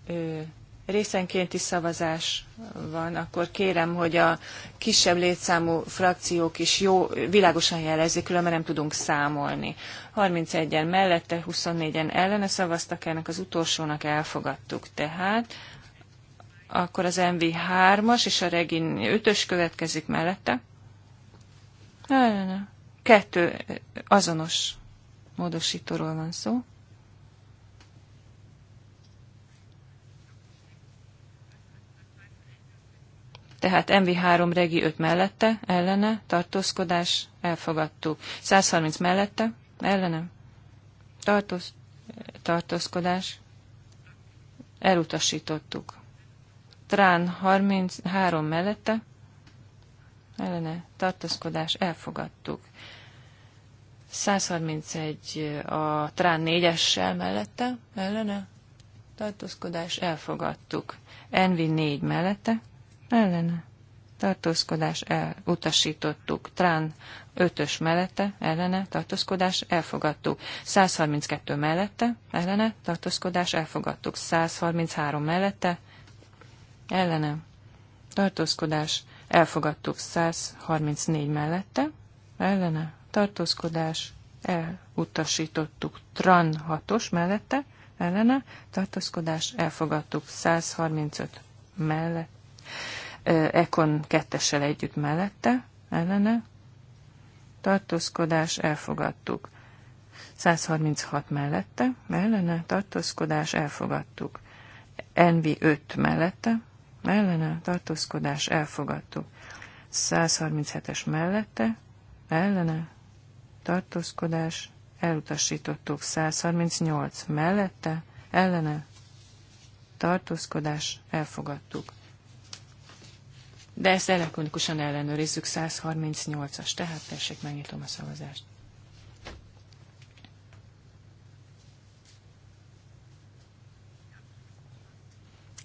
ö, részenkénti szavazás van, akkor kérem, hogy a kisebb létszámú frakciók is jó, világosan jelezzék, különben nem tudunk számolni. 31-en mellette, 24-en ellene szavaztak ennek az utolsónak elfogadtuk. Tehát akkor az MV 3-as és a Regin 5-ös következik mellette. Kettő azonos módosítóról van szó. tehát MV3 regi 5 mellette, ellene, tartózkodás, elfogadtuk. 130 mellette, ellene, tartóz, tartózkodás, elutasítottuk. Trán 33 mellette, ellene, tartózkodás, elfogadtuk. 131 a Trán 4-essel mellette, ellene, tartózkodás, elfogadtuk. Envi 4 mellette, ellene tartózkodás elutasítottuk. Trán 5-ös mellette, ellene, tartózkodás, elfogadtuk. 132 mellette, ellene, tartózkodás, elfogadtuk. 133 mellette, ellene, tartózkodás, elfogadtuk. 134 mellette, ellene, tartózkodás, elutasítottuk. Tran 6-os mellette, ellene, tartózkodás, elfogadtuk. 135 mellette Ekon kettessel együtt mellette, ellene, tartózkodás, elfogadtuk. 136 mellette, ellene, tartózkodás, elfogadtuk. Envi 5 mellette, ellene, tartózkodás, elfogadtuk. 137-es mellette, ellene, tartózkodás, elutasítottuk 138 mellette, ellene, tartózkodás, elfogadtuk. De ezt elektronikusan ellenőrizzük, 138-as, tehát tessék, megnyitom a szavazást.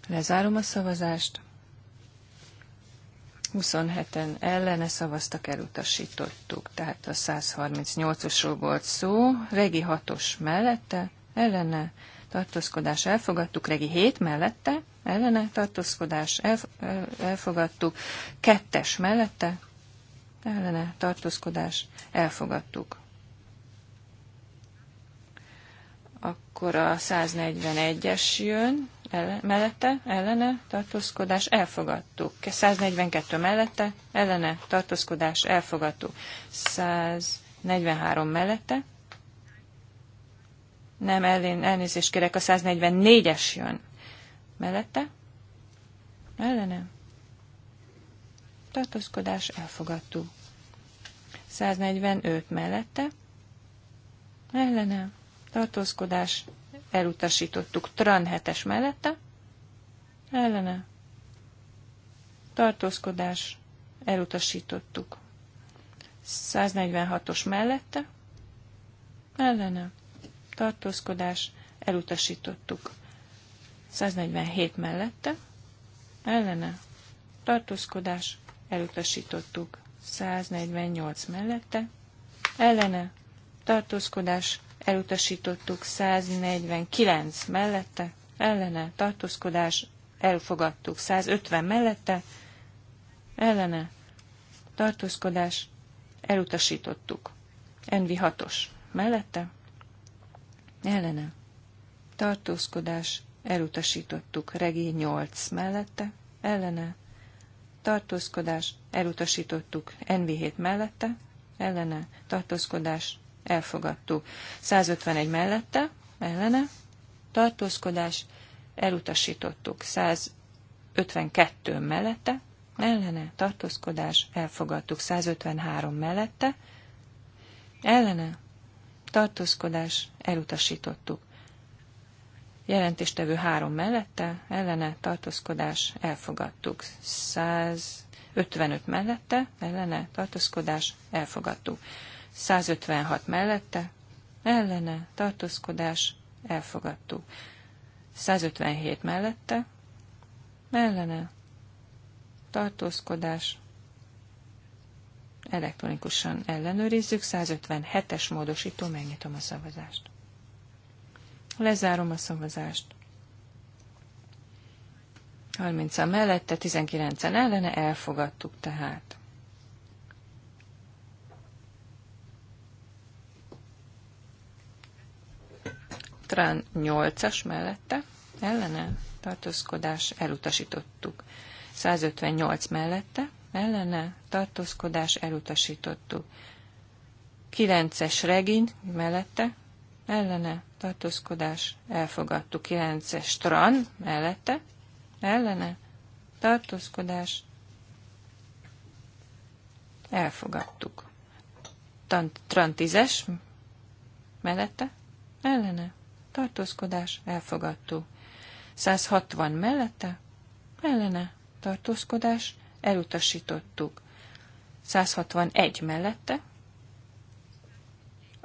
Lezárom a szavazást. 27-en ellene szavaztak, elutasítottuk. Tehát a 138-osról volt szó, regi 6-os mellette, ellene tartózkodás elfogadtuk, regi 7 mellette, ellene tartózkodás elfogadtuk, kettes mellette, ellene tartózkodás elfogadtuk. Akkor a 141-es jön, ellen, mellette, ellene, tartózkodás, elfogadtuk. 142 mellette, ellene, tartózkodás, elfogadtuk. 143 mellette, nem, ellen, elnézést kérek, a 144-es jön. Mellette? Ellenem. Tartózkodás elfogadtuk. 145 mellette? Ellenem. Tartózkodás elutasítottuk. Tran 7-es mellette? Ellene. Tartózkodás elutasítottuk. 146-os mellette? Ellene tartózkodás, elutasítottuk. 147 mellette, ellene, tartózkodás, elutasítottuk. 148 mellette, ellene, tartózkodás, elutasítottuk. 149 mellette, ellene, tartózkodás, elfogadtuk. 150 mellette, ellene, tartózkodás, elutasítottuk. Envi 6-os mellette, ellene, tartózkodás, elutasítottuk. Regény 8 mellette, ellene, tartózkodás, elutasítottuk. NV7 mellette, ellene, tartózkodás, elfogadtuk. 151 mellette, ellene, tartózkodás, elutasítottuk. 152 mellette, ellene, tartózkodás, elfogadtuk. 153 mellette, ellene, tartózkodás, elutasítottuk. Jelentéstevő három mellette, ellene tartózkodás, elfogadtuk. 155 mellette, ellene tartózkodás, elfogadtuk. 156 mellette, ellene tartózkodás, elfogadtuk. 157 mellette, ellene tartózkodás, elektronikusan ellenőrizzük. 157-es módosító, megnyitom a szavazást. Lezárom a szavazást. 30 a mellette, 19-en ellene, elfogadtuk tehát. Trán 8-as mellette, ellene, tartózkodás, elutasítottuk. 158 mellette, ellene tartózkodás elutasítottuk. Kilences regin mellette ellene tartózkodás elfogadtuk. Kilences tran mellette ellene tartózkodás elfogadtuk. Tran tízes mellette ellene tartózkodás elfogadtuk. 160 mellette ellene tartózkodás elfogadtuk elutasítottuk. 161 mellette,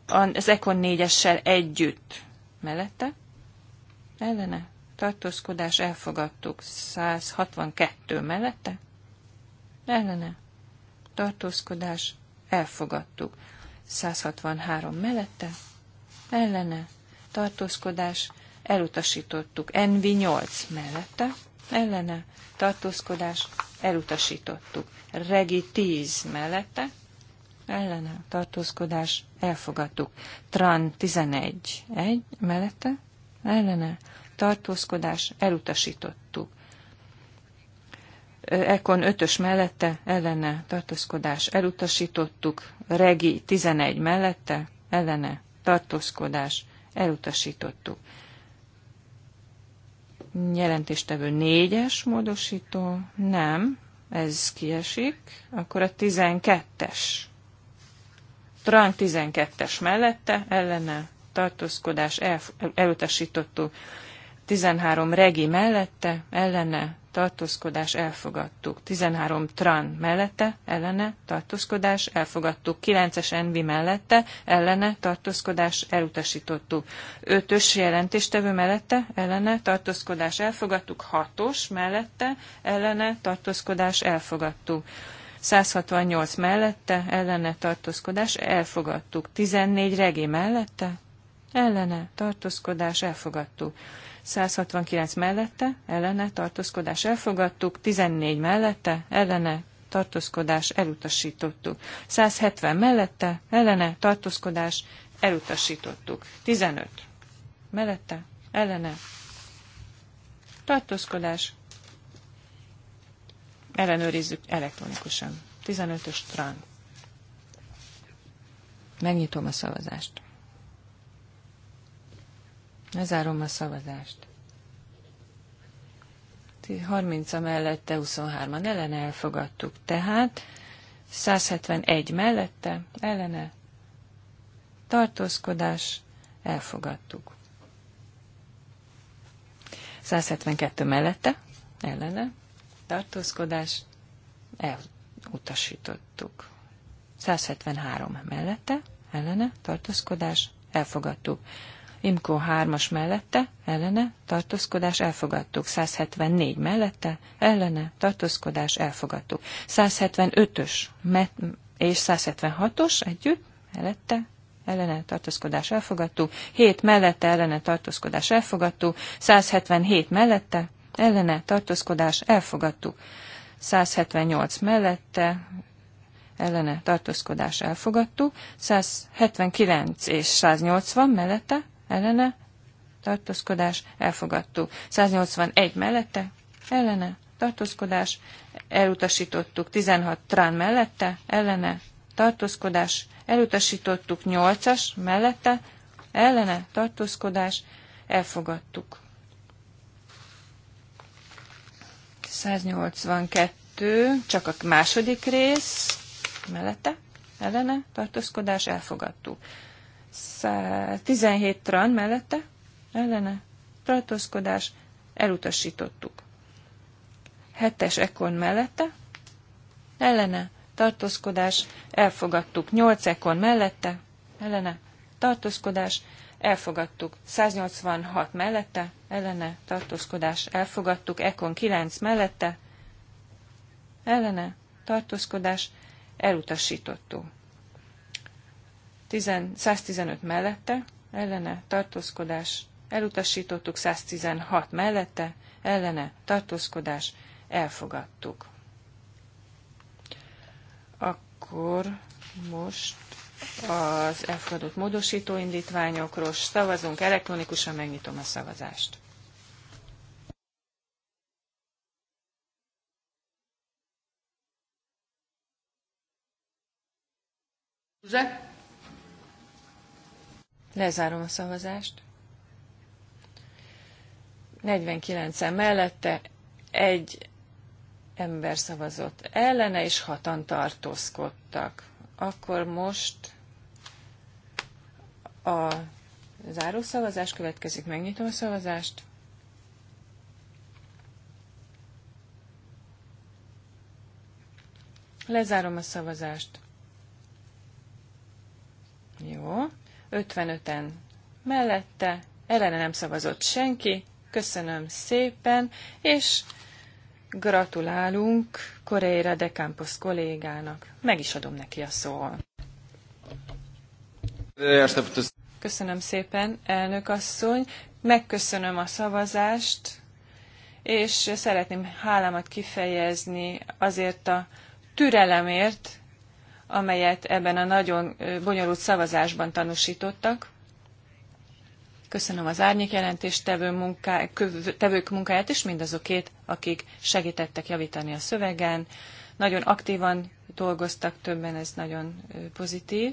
az Econ 4-essel együtt mellette, ellene, tartózkodás elfogadtuk 162 mellette, ellene, tartózkodás elfogadtuk 163 mellette, ellene, tartózkodás elutasítottuk NV8 mellette, ellene, tartózkodás elutasítottuk. Regi 10 mellette, ellene tartózkodás, elfogadtuk. Tran 11 1 mellette, ellene tartózkodás, elutasítottuk. Ekon 5-ös mellette, ellene tartózkodás, elutasítottuk. Regi 11 mellette, ellene tartózkodás, elutasítottuk jelentéstevő négyes módosító, nem, ez kiesik, akkor a 12-es. Trang 12-es mellette, ellene tartózkodás el, elutasítottuk. 13 regi mellette, ellene tartózkodás elfogadtuk. 13 tran mellette, ellene, tartózkodás elfogadtuk. 9-es envi mellette, ellene, tartózkodás elutasítottuk. 5-ös jelentéstevő mellette, ellene, tartózkodás elfogadtuk. 6-os mellette, ellene, tartózkodás elfogadtuk. 168 mellette, ellene tartózkodás, elfogadtuk. 14 regé mellette, ellene tartózkodás, elfogadtuk. 169 mellette, ellene, tartózkodás elfogadtuk, 14 mellette, ellene, tartózkodás elutasítottuk. 170 mellette, ellene, tartózkodás elutasítottuk. 15 mellette, ellene, tartózkodás ellenőrizzük elektronikusan. 15-ös trán. Megnyitom a szavazást. Lezárom a szavazást. 30 a mellette, 23-an ellene elfogadtuk. Tehát 171 mellette, ellene, tartózkodás, elfogadtuk. 172 mellette, ellene, tartózkodás, elutasítottuk. 173 mellette, ellene, tartózkodás, elfogadtuk. Imko 3-as mellette, ellene, tartózkodás, elfogadtuk. 174 mellette, ellene, tartózkodás, elfogadtuk. 175-ös és 176-os együtt, mellette, ellene tartózkodás elfogadtuk, 7 mellette ellene tartózkodás elfogadtuk, 177 mellette ellene tartózkodás elfogadtuk, 178 mellette ellene tartózkodás elfogadtuk, 179 és 180 mellette ellene, tartózkodás, elfogadtuk. 181 mellette, ellene, tartózkodás, elutasítottuk. 16 trán mellette, ellene, tartózkodás, elutasítottuk. 8-as mellette, ellene, tartózkodás, elfogadtuk. 182, csak a második rész, mellette, ellene, tartózkodás, elfogadtuk. 17 tran mellette ellene tartózkodás elutasítottuk. 7-es ekon mellette ellene tartózkodás elfogadtuk. 8 ekon mellette ellene tartózkodás elfogadtuk. 186 mellette ellene tartózkodás elfogadtuk. Ekon 9 mellette ellene tartózkodás elutasítottuk. 115 mellette, ellene tartózkodás elutasítottuk, 116 mellette, ellene tartózkodás elfogadtuk. Akkor most az elfogadott módosító indítványokról szavazunk elektronikusan, megnyitom a szavazást. Zse? Lezárom a szavazást. 49-en mellette egy ember szavazott ellene, és hatan tartózkodtak. Akkor most a záró szavazás következik, megnyitom a szavazást. Lezárom a szavazást. Jó. 55-en mellette, ellene nem szavazott senki, köszönöm szépen, és gratulálunk Koreira de Campos kollégának. Meg is adom neki a szót. Köszönöm szépen, elnök asszony. Megköszönöm a szavazást, és szeretném hálámat kifejezni azért a türelemért, amelyet ebben a nagyon bonyolult szavazásban tanúsítottak. Köszönöm az árnyék jelentéstevő munká, tevők munkáját, és mindazokét, akik segítettek javítani a szövegen. Nagyon aktívan dolgoztak többen, ez nagyon pozitív.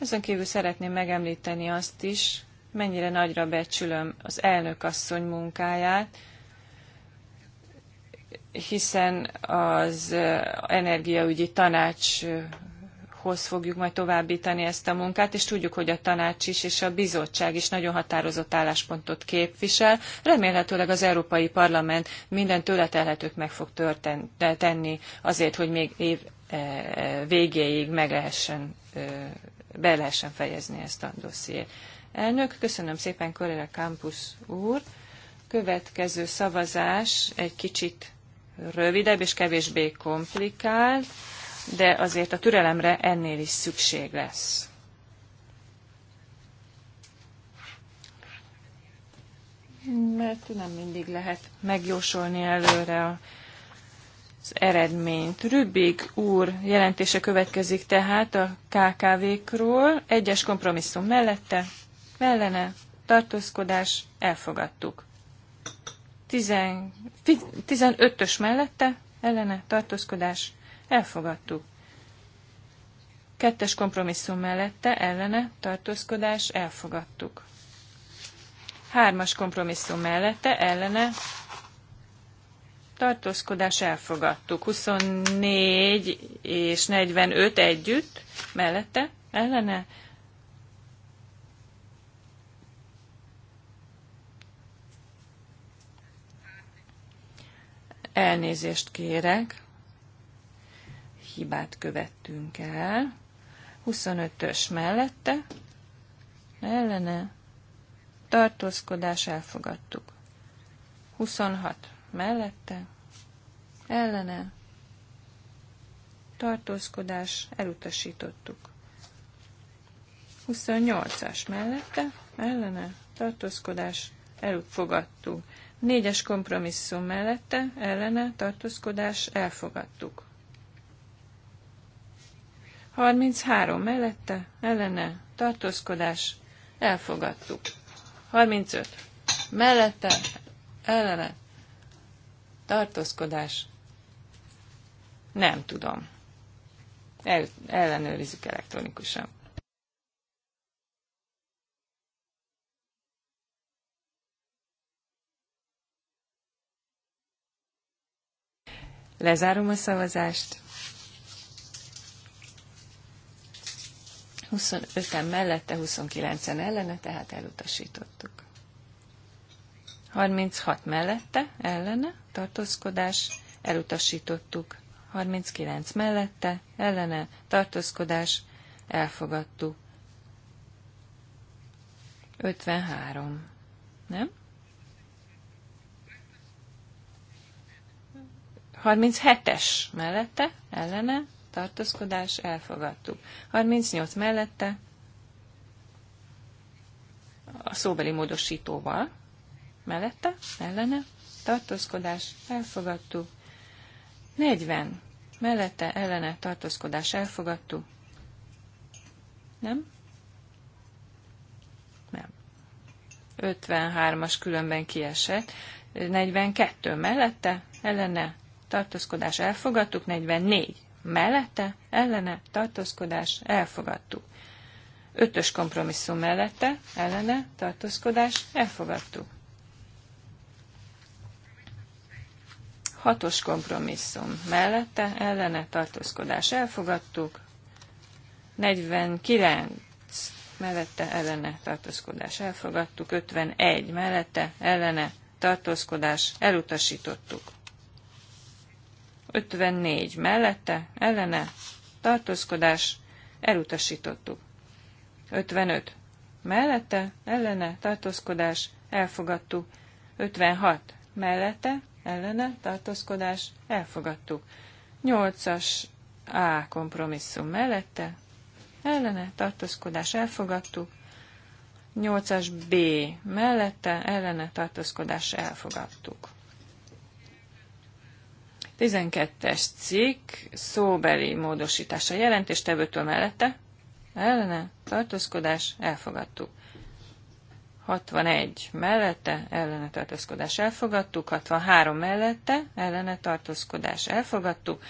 Ezen kívül szeretném megemlíteni azt is, mennyire nagyra becsülöm az elnök asszony munkáját, hiszen az energiaügyi tanács bizottsághoz fogjuk majd továbbítani ezt a munkát, és tudjuk, hogy a tanács is és a bizottság is nagyon határozott álláspontot képvisel. Remélhetőleg az Európai Parlament minden tőle telhetőt meg fog tenni azért, hogy még év e, végéig meg lehessen, e, be lehessen fejezni ezt a dossziét. Elnök, köszönöm szépen Correa Campus úr. Következő szavazás egy kicsit rövidebb és kevésbé komplikált de azért a türelemre ennél is szükség lesz. Mert nem mindig lehet megjósolni előre a az eredményt. Rübig úr jelentése következik tehát a KKV-król. Egyes kompromisszum mellette, mellene, tartózkodás, elfogadtuk. 15-ös mellette, ellene, tartózkodás, elfogadtuk. Kettes kompromisszum mellette ellene tartózkodás elfogadtuk. Hármas kompromisszum mellette ellene tartózkodás elfogadtuk. 24 és 45 együtt mellette ellene elnézést kérek hibát követtünk el. 25-ös mellette, ellene, tartózkodás elfogadtuk. 26 mellette, ellene, tartózkodás elutasítottuk. 28-as mellette, ellene, tartózkodás elfogadtuk. 4-es kompromisszum mellette, ellene, tartózkodás elfogadtuk. 33 mellette, ellene, tartózkodás, elfogadtuk. 35 mellette, ellene, tartózkodás, nem tudom. El, ellenőrizzük elektronikusan. Lezárom a szavazást. 25-en mellette, 29-en ellene, tehát elutasítottuk. 36 mellette, ellene, tartózkodás, elutasítottuk. 39 mellette, ellene, tartózkodás, elfogadtuk. 53. Nem? 37-es mellette, ellene, tartózkodás, elfogadtuk. 38 mellette a szóbeli módosítóval, mellette, ellene, tartózkodás, elfogadtuk. 40 mellette, ellene, tartózkodás, elfogadtuk. Nem? Nem. 53-as különben kiesett. 42 mellette, ellene, tartózkodás elfogadtuk, 44 mellette, ellene, tartózkodás, elfogadtuk. Ötös kompromisszum mellette, ellene, tartózkodás, elfogadtuk. Hatos kompromisszum mellette, ellene, tartózkodás, elfogadtuk. 49 mellette, ellene, tartózkodás, elfogadtuk. 51 mellette, ellene, tartózkodás, elutasítottuk. 54 mellette, ellene, tartózkodás, elutasítottuk. 55 mellette, ellene, tartózkodás, elfogadtuk. 56 mellette, ellene, tartózkodás, elfogadtuk. 8-as A kompromisszum mellette, ellene, tartózkodás, elfogadtuk. 8-as B mellette, ellene, tartózkodás, elfogadtuk. 12-es cikk szóbeli módosítása tevőtől mellette. Ellene tartózkodás elfogadtuk. 61 mellette ellene tartózkodás elfogadtuk, 63 mellette ellene tartózkodás elfogadtuk,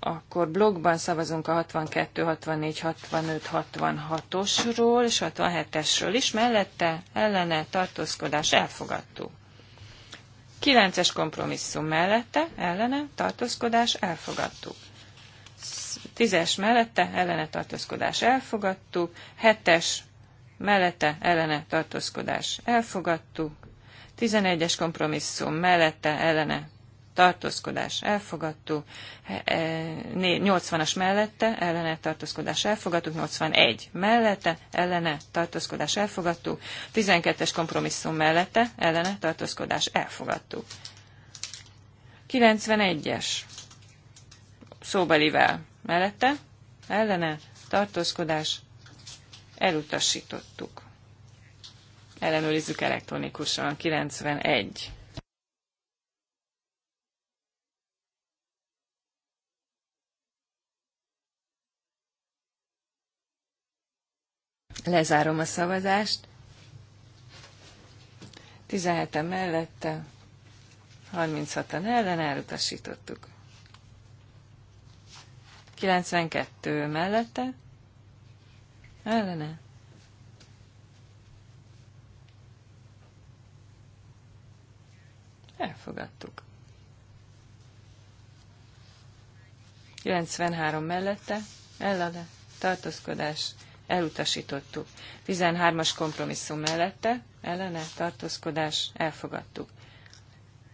akkor blogban szavazunk a 62, 64, 65, 66-osról és 67-esről is, mellette ellene tartózkodás elfogadtuk. 9-es kompromisszum mellette, ellene, tartózkodás, elfogadtuk. 10-es mellette, ellene, tartózkodás, elfogadtuk. 7-es mellette, ellene, tartózkodás, elfogadtuk. 11-es kompromisszum mellette, ellene, tartózkodás elfogadtuk, 80-as e, mellette ellene tartózkodás elfogadtuk, 81 mellette ellene tartózkodás elfogadtuk, 12-es kompromisszum mellette ellene tartózkodás elfogadtuk. 91-es szóbelivel mellette ellene tartózkodás elutasítottuk. Ellenőrizzük elektronikusan. 91. Lezárom a szavazást. 17-en mellette, 36-an ellen elutasítottuk. 92 mellette, ellene. Elfogadtuk. 93 mellette, ellene, tartózkodás, elutasítottuk. 13-as kompromisszum mellette, ellene tartózkodás, elfogadtuk.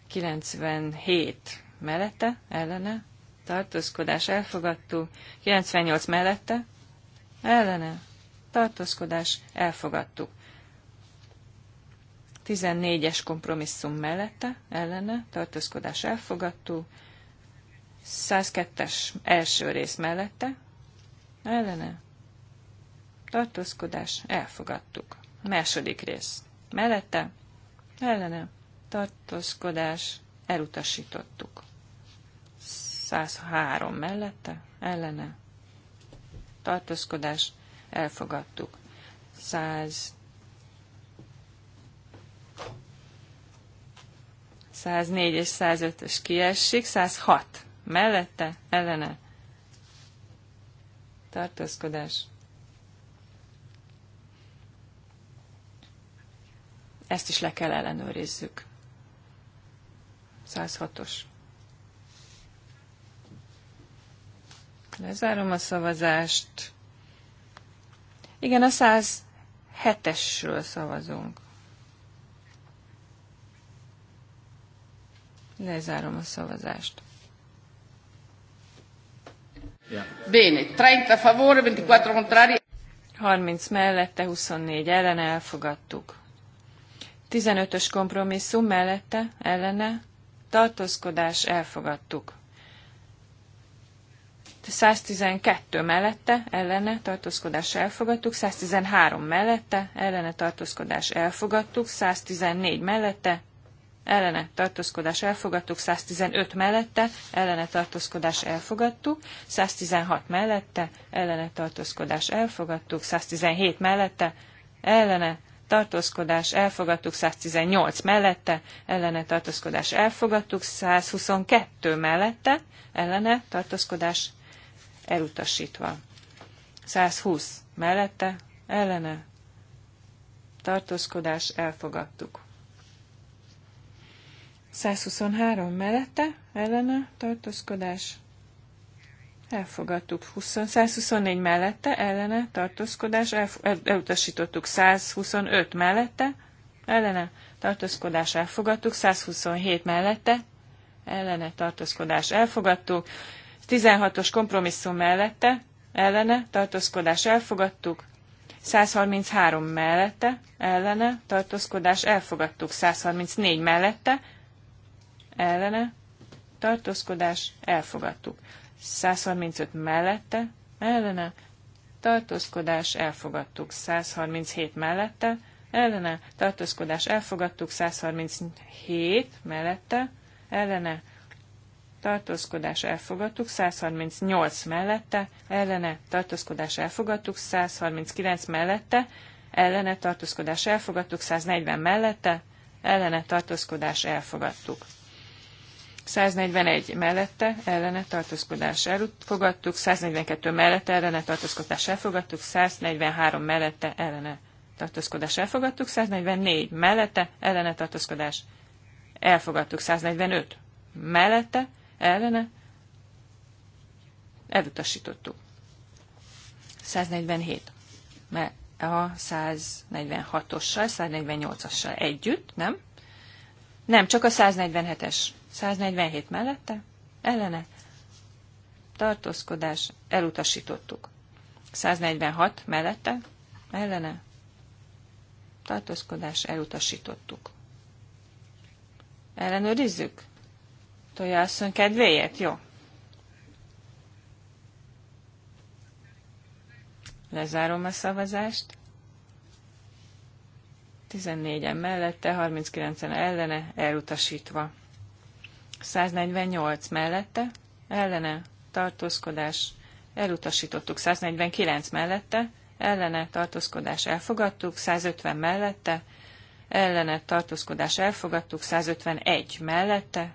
97 mellette, ellene tartózkodás, elfogadtuk. 98 mellette, ellene tartózkodás, elfogadtuk. 14-es kompromisszum mellette, ellene tartózkodás, elfogadtuk. 102-es első rész mellette, ellene tartózkodás, elfogadtuk. második rész. Mellette, ellene, tartózkodás, elutasítottuk. 103 mellette, ellene, tartózkodás, elfogadtuk. 100 104 és 105-ös kiesik, 106 mellette, ellene, tartózkodás, Ezt is le kell ellenőrizzük. 106-os. Lezárom a szavazást. Igen, a 107-esről szavazunk. Lezárom a szavazást. Bene, 30 favore, 24 contrari. 30 mellette, 24 ellen elfogadtuk. 15-ös kompromisszum mellette, ellene, tartózkodás elfogadtuk. 112 mellette, ellene tartózkodás elfogadtuk, 113 mellette, ellene tartózkodás elfogadtuk, 114 mellette, ellene tartózkodás elfogadtuk, 115 mellette, ellene tartózkodás elfogadtuk, 116 mellette, ellene tartózkodás elfogadtuk, 117 mellette, ellene tartózkodás elfogadtuk, 118 mellette, ellene tartózkodás elfogadtuk, 122 mellette, ellene tartózkodás elutasítva. 120 mellette, ellene tartózkodás elfogadtuk. 123 mellette, ellene tartózkodás Elfogadtuk 20, 124 mellette, ellene, tartózkodás, el, elutasítottuk 125 mellette, ellene, tartózkodás, elfogadtuk, 127 mellette, ellene, tartózkodás, elfogadtuk, 16-os kompromisszum mellette, ellene, tartózkodás, elfogadtuk, 133 mellette, ellene, tartózkodás, elfogadtuk, 134 mellette, ellene, tartózkodás, elfogadtuk. 135 mellette, ellene, tartózkodás elfogadtuk 137 mellette, ellene, tartózkodás elfogadtuk 137 mellette, ellene, tartózkodás elfogadtuk 138 mellette, ellene, tartózkodás elfogadtuk 139 mellette, ellene, tartózkodás elfogadtuk 140 mellette, ellene, tartózkodás elfogadtuk. 141 mellette ellene tartózkodás elfogadtuk, 142 mellette ellene tartózkodás elfogadtuk, 143 mellette ellene tartózkodás elfogadtuk, 144 mellette ellene tartózkodás elfogadtuk, 145 mellette ellene elutasítottuk. 147 mert a 146-ossal, 148-assal együtt, nem? Nem, csak a 147-es 147 mellette, ellene, tartózkodás, elutasítottuk. 146 mellette, ellene, tartózkodás, elutasítottuk. Ellenőrizzük? Tojászön kedvéért, jó? Lezárom a szavazást. 14-en mellette, 39-en ellene, elutasítva. 148 mellette, ellene tartózkodás elutasítottuk, 149 mellette, ellene tartózkodás elfogadtuk, 150 mellette, ellene tartózkodás elfogadtuk, 151 mellette,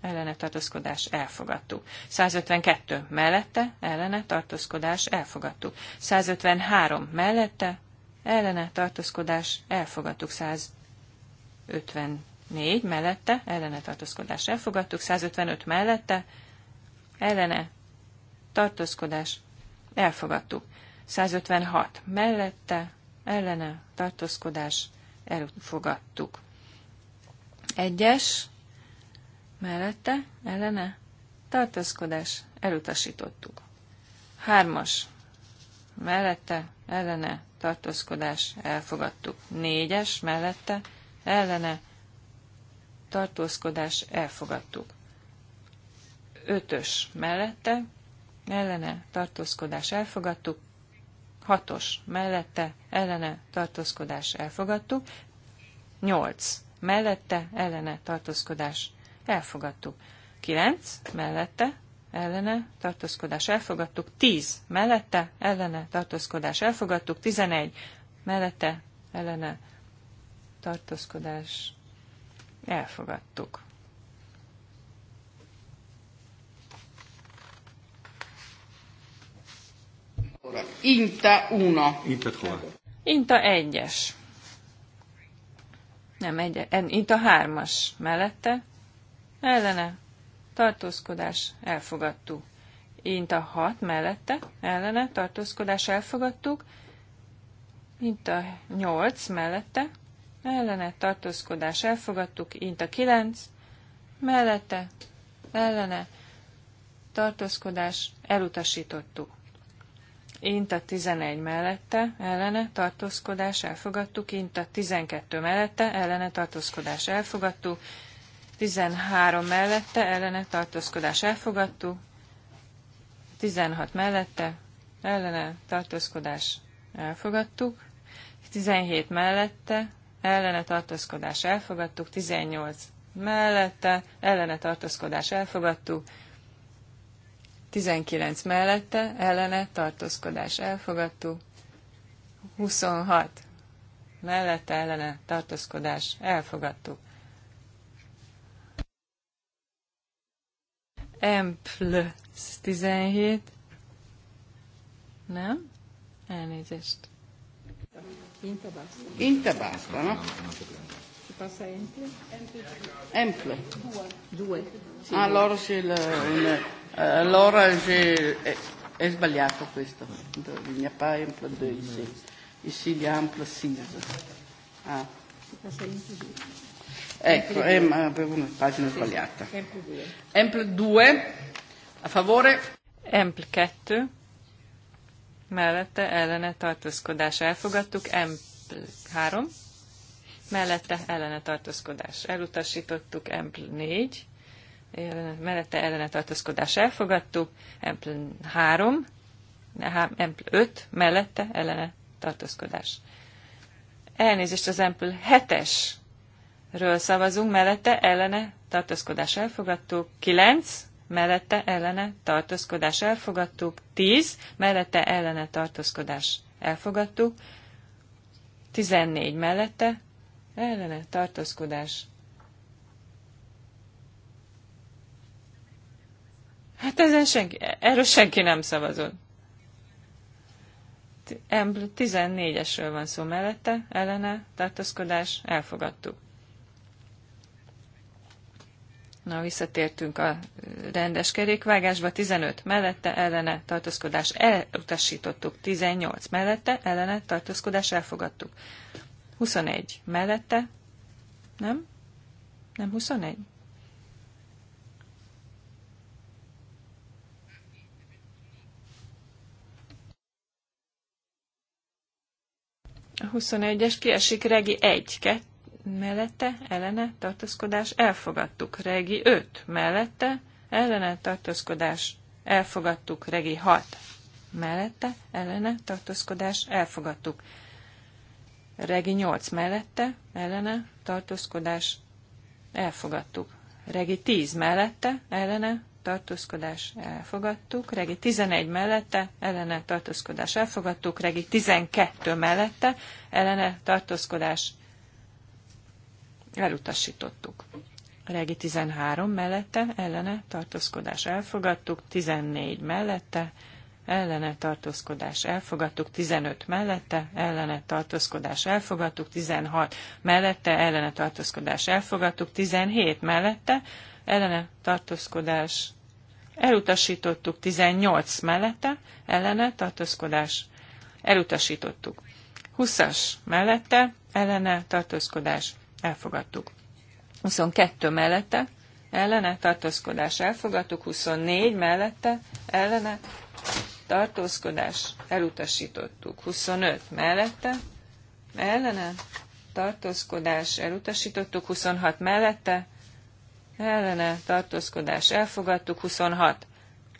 ellene tartózkodás elfogadtuk. 152 mellette, ellene tartózkodás elfogadtuk. 153 mellette, ellene tartózkodás elfogadtuk. 150 4 mellette, ellene tartózkodás elfogadtuk, 155 mellette, ellene tartózkodás elfogadtuk, 156 mellette, ellene tartózkodás elfogadtuk. Egyes mellette, ellene tartózkodás elutasítottuk. Hármas mellette, ellene tartózkodás elfogadtuk. Négyes mellette, ellene tartózkodás elfogadtuk. Ötös mellette, ellene tartózkodás elfogadtuk. Hatos mellette, ellene tartózkodás elfogadtuk. Nyolc mellette, ellene tartózkodás elfogadtuk. Kilenc mellette, ellene tartózkodás elfogadtuk. Tíz mellette, ellene tartózkodás elfogadtuk. Tizenegy mellette, ellene tartózkodás Elfogadtuk. Inta Uno. Inta 3. Inta Egyes. Nem, egy, Inta Hármas mellette. Ellene. Tartózkodás. Elfogadtuk. Inta Hat mellette. Ellene. Tartózkodás. Elfogadtuk. Inta Nyolc mellette ellene, tartózkodás elfogadtuk, a kilenc. mellette, ellene, tartózkodás elutasítottuk. a 11 mellette, ellene, tartózkodás elfogadtuk, a 12 mellette, ellene, tartózkodás elfogadtuk, 13 mellette, ellene, tartózkodás elfogadtuk, 16 mellette, ellene, tartózkodás elfogadtuk, 17 mellette, ellene tartózkodás elfogadtuk, 18 mellette, ellene tartózkodás elfogadtuk, 19 mellette, ellene tartózkodás elfogadtuk, 26 mellette, ellene tartózkodás elfogadtuk. plusz 17. Nem? Elnézést. Inta basta. Inta basta, no? Si passa Emple? Emple. Due. Ah, sì. Ah, eh, allora, c'è il, allora c'è, è, sbagliato questo. Il mio pa e Emple due, sì. Ici di Emple sì. Ah. Si passa Emple 2. Ecco, è, eh, avevo una pagina sbagliata. Emple 2. Emple 2, a favore? Emple 2 mellette ellene tartózkodás elfogadtuk, M3, mellette ellene tartózkodás elutasítottuk, M4, mellette ellene tartózkodás elfogadtuk, M3, M5, mellette ellene tartózkodás. Elnézést az empül 7-esről szavazunk, mellette ellene tartózkodás elfogadtuk, 9, mellette ellene tartózkodás elfogadtuk, 10 mellette ellene tartózkodás elfogadtuk, 14 mellette ellene tartózkodás. Hát ezen senki, erről senki nem szavazott. 14-esről van szó mellette, ellene tartózkodás, elfogadtuk. Na, visszatértünk a rendes kerékvágásba. 15 mellette ellene tartózkodás elutasítottuk. 18 mellette ellene tartózkodás elfogadtuk. 21 mellette, nem? Nem 21? A 21-es kiesik regi 1, 2, mellette, ellene, tartózkodás, elfogadtuk. Regi 5 mellette, ellene, tartózkodás, elfogadtuk. Regi 6 mellette, ellene, tartózkodás, elfogadtuk. Regi 8 mellette, ellene, tartózkodás, elfogadtuk. Regi 10 mellette, ellene, tartózkodás, elfogadtuk. Regi 11 mellette, ellene, tartózkodás, elfogadtuk. Regi 12 mellette, ellene, tartózkodás, elfogadtuk elutasítottuk. Regi 13 mellette, ellene tartózkodás elfogadtuk, 14 mellette, ellene tartózkodás elfogadtuk, 15 mellette, ellene tartózkodás elfogadtuk, 16 mellette, ellene tartózkodás elfogadtuk, 17 mellette, ellene tartózkodás elutasítottuk, 18 mellette, ellene tartózkodás elutasítottuk. 20-as mellette, ellene tartózkodás elfogadtuk. 22 mellette, ellene, tartózkodás, elfogadtuk. 24 mellette, ellene, tartózkodás, elutasítottuk. 25 mellette, ellene, tartózkodás, elutasítottuk. 26 mellette, ellene, tartózkodás, elfogadtuk. 26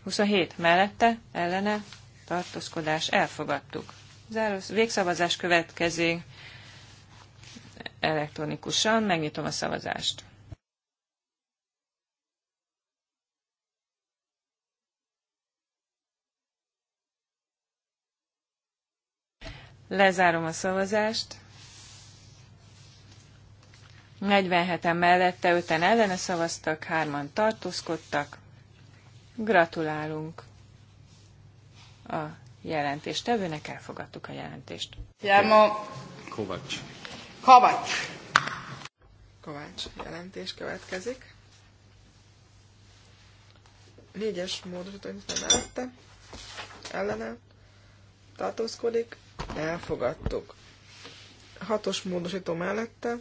27 mellette, ellene, tartózkodás, elfogadtuk. Záros, végszavazás következik elektronikusan. Megnyitom a szavazást. Lezárom a szavazást. 47-en mellette, 5-en ellene szavaztak, 3-an tartózkodtak. Gratulálunk a jelentést. Tevőnek elfogadtuk a jelentést. Jelma. Kovács. Kovács. Kovács jelentés következik. Négyes módosító nem előtte, ellene, tartózkodik, elfogadtuk. Hatos módosító mellette,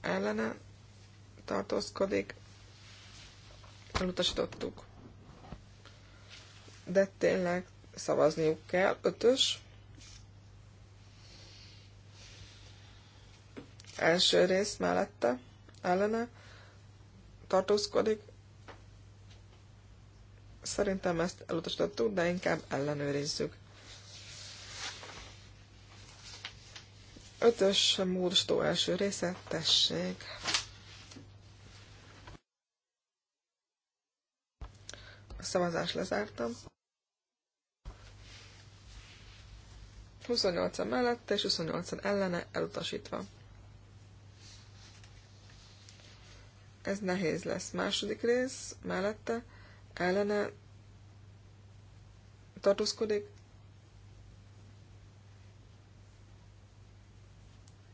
ellene, tartózkodik, elutasítottuk. De tényleg szavazniuk kell. Ötös, Első rész mellette, ellene tartózkodik. Szerintem ezt elutasítottuk, de inkább ellenőrizzük. Ötös módosító első része, tessék. A szavazást lezártam. 28-an mellette és 28-an ellene elutasítva. ez nehéz lesz. Második rész mellette ellene tartózkodik.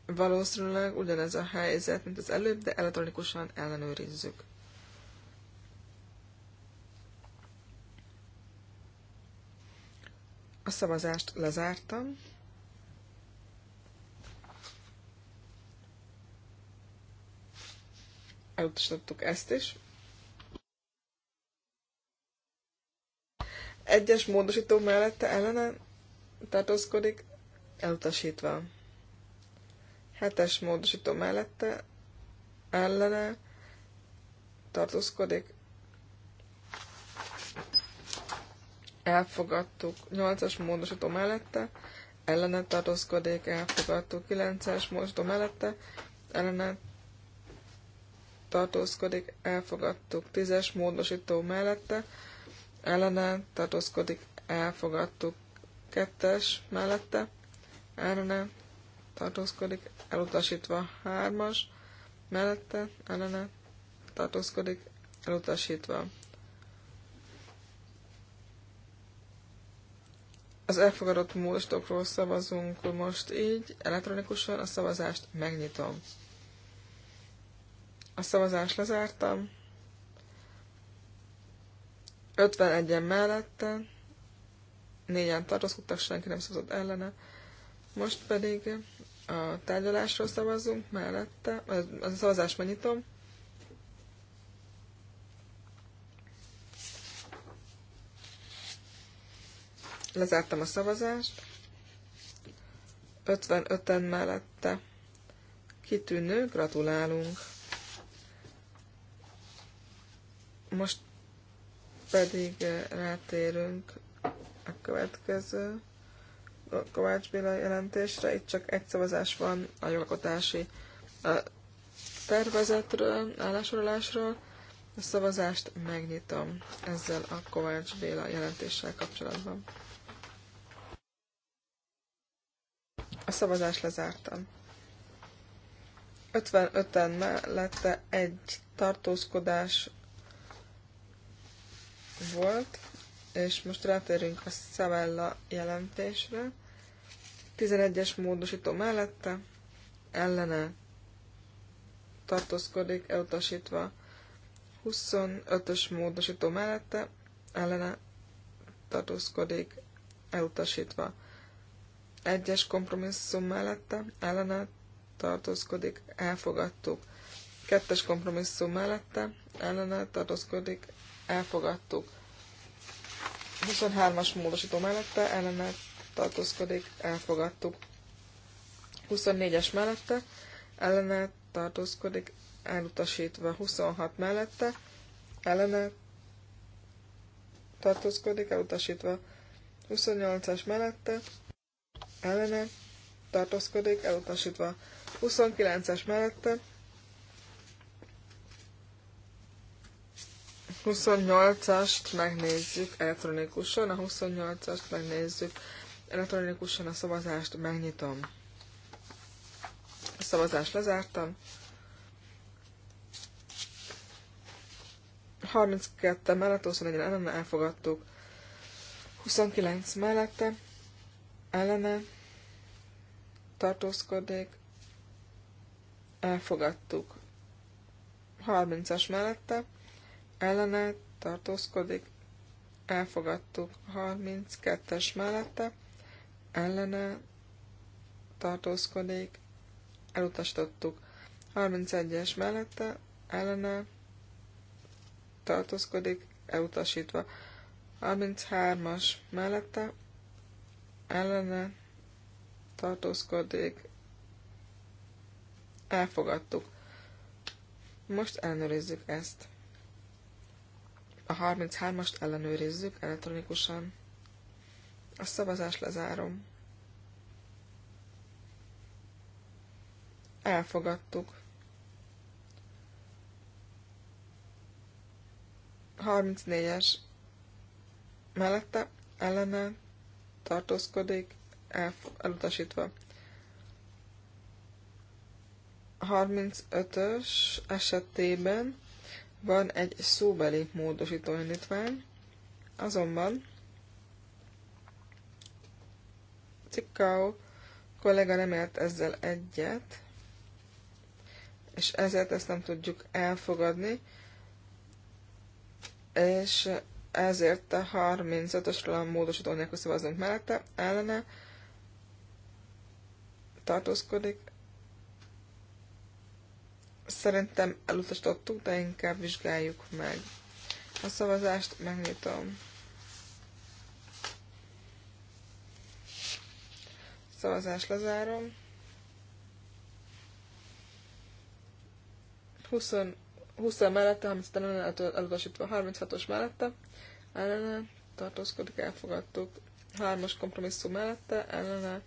Valószínűleg ugyanez a helyzet, mint az előbb, de elektronikusan ellenőrizzük. A szavazást lezártam. elutasítottuk ezt is. Egyes módosító mellette ellene tartózkodik, elutasítva. Hetes módosító mellette ellene tartózkodik, elfogadtuk. Nyolcas módosító mellette ellene tartózkodik, elfogadtuk. Kilences módosító mellette ellene tartózkodik, elfogadtuk. Tízes módosító mellette, ellene tartózkodik, elfogadtuk. Kettes mellette, ellene tartózkodik, elutasítva. Hármas mellette, ellene tartózkodik, elutasítva. Az elfogadott módosítókról szavazunk most így, elektronikusan a szavazást megnyitom. A szavazást lezártam. 51-en mellette, négyen tartózkodtak, senki nem szavazott ellene. Most pedig a tárgyalásról szavazunk, mellette, az a szavazást megnyitom. Lezártam a szavazást. 55-en mellette. Kitűnő, gratulálunk! Most pedig eh, rátérünk a következő a Kovács Béla jelentésre. Itt csak egy szavazás van a jogalkotási eh, tervezetről, állásorolásról. A szavazást megnyitom ezzel a Kovács Béla jelentéssel kapcsolatban. A szavazást lezártam. 55-en mellette egy tartózkodás volt, és most rátérünk a Szavella jelentésre. 11-es módosító mellette ellene tartózkodik, elutasítva 25-ös módosító mellette ellene tartózkodik, elutasítva. Egyes kompromisszum mellette ellene tartózkodik, elfogadtuk. 2-es kompromisszum mellette ellene tartózkodik, elfogadtuk. 23-as módosító mellette ellene tartózkodik, elfogadtuk. 24-es mellette ellene tartózkodik, elutasítva. 26 mellette ellene tartózkodik, elutasítva. 28-as mellette ellene tartózkodik, elutasítva. 29-es mellette 28-ast megnézzük elektronikusan, a 28-ast megnézzük elektronikusan, a szavazást megnyitom. A szavazást lezártam. 32 mellett, 21 ellene elfogadtuk. 29 mellette, ellene tartózkodik, elfogadtuk. 30-as mellette, ellene tartózkodik, elfogadtuk. 32-es mellette ellene tartózkodik, elutasítottuk. 31-es mellette ellene tartózkodik, elutasítva. 33-as mellette ellene tartózkodik, elfogadtuk. Most elnőrizzük ezt. A 33-ast ellenőrizzük elektronikusan. A szavazást lezárom. Elfogadtuk. 34-es mellette ellene tartózkodik, el, elutasítva. 35-ös esetében van egy szóbeli módosító indítvány, azonban Cikau kollega nem ért ezzel egyet, és ezért ezt nem tudjuk elfogadni, és ezért a 35-ösről a módosító nélkül szavazunk mellette, ellene tartózkodik, Szerintem elutasítottuk, de inkább vizsgáljuk meg. A szavazást megnyitom. Szavazás lezárom. 20, 20 mellette, 30 ellen elutasítva, 36-os mellette, ellene tartózkodik, elfogadtuk. 3-as kompromisszum mellette, ellene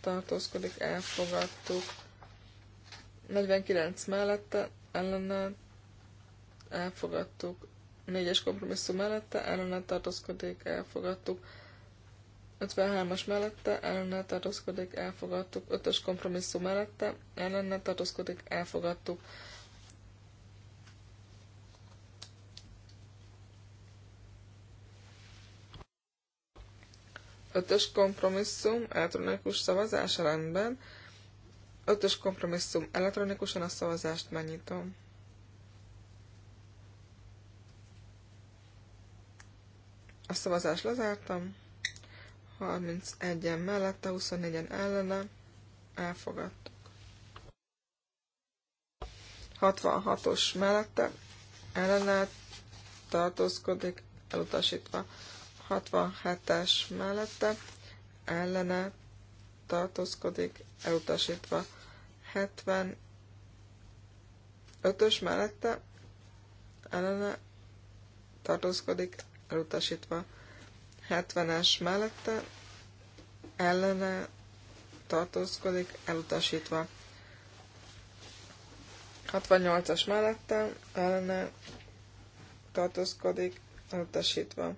tartózkodik, elfogadtuk. 49 mellette ellene elfogadtuk. 4-es kompromisszum mellette ellene tartózkodik, elfogadtuk. 53-as mellette ellene tartózkodik, elfogadtuk. 5-ös kompromisszum mellette ellene tartózkodik, elfogadtuk. Ötös kompromisszum, elektronikus szavazás rendben. Ötös kompromisszum elektronikusan a szavazást megnyitom. A szavazást lezártam. 31-en mellette, 24-en ellene. Elfogadtuk. 66-os mellette ellene tartózkodik, elutasítva. 67-es mellette ellene tartózkodik, elutasítva. 75-ös mellette ellene tartózkodik, elutasítva. 70-es mellette ellene tartózkodik, elutasítva. 68-as mellette ellene tartózkodik, elutasítva.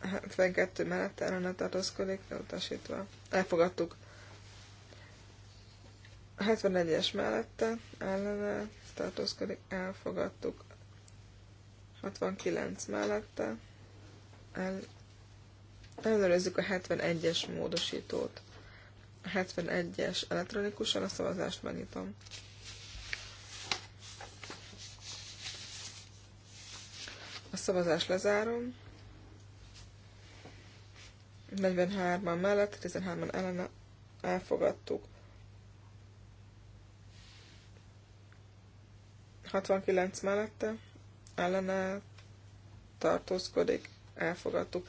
72 mellett ellene tartózkodik, elutasítva. Elfogadtuk. 71-es mellette ellene tartózkodik, elfogadtuk. 69 mellette el, ellenőrizzük a 71-es módosítót. A 71-es elektronikusan a szavazást megnyitom. A szavazást lezárom. 43-an mellett, 13-an ellene elfogadtuk. 69 mellette ellene tartózkodik, elfogadtuk.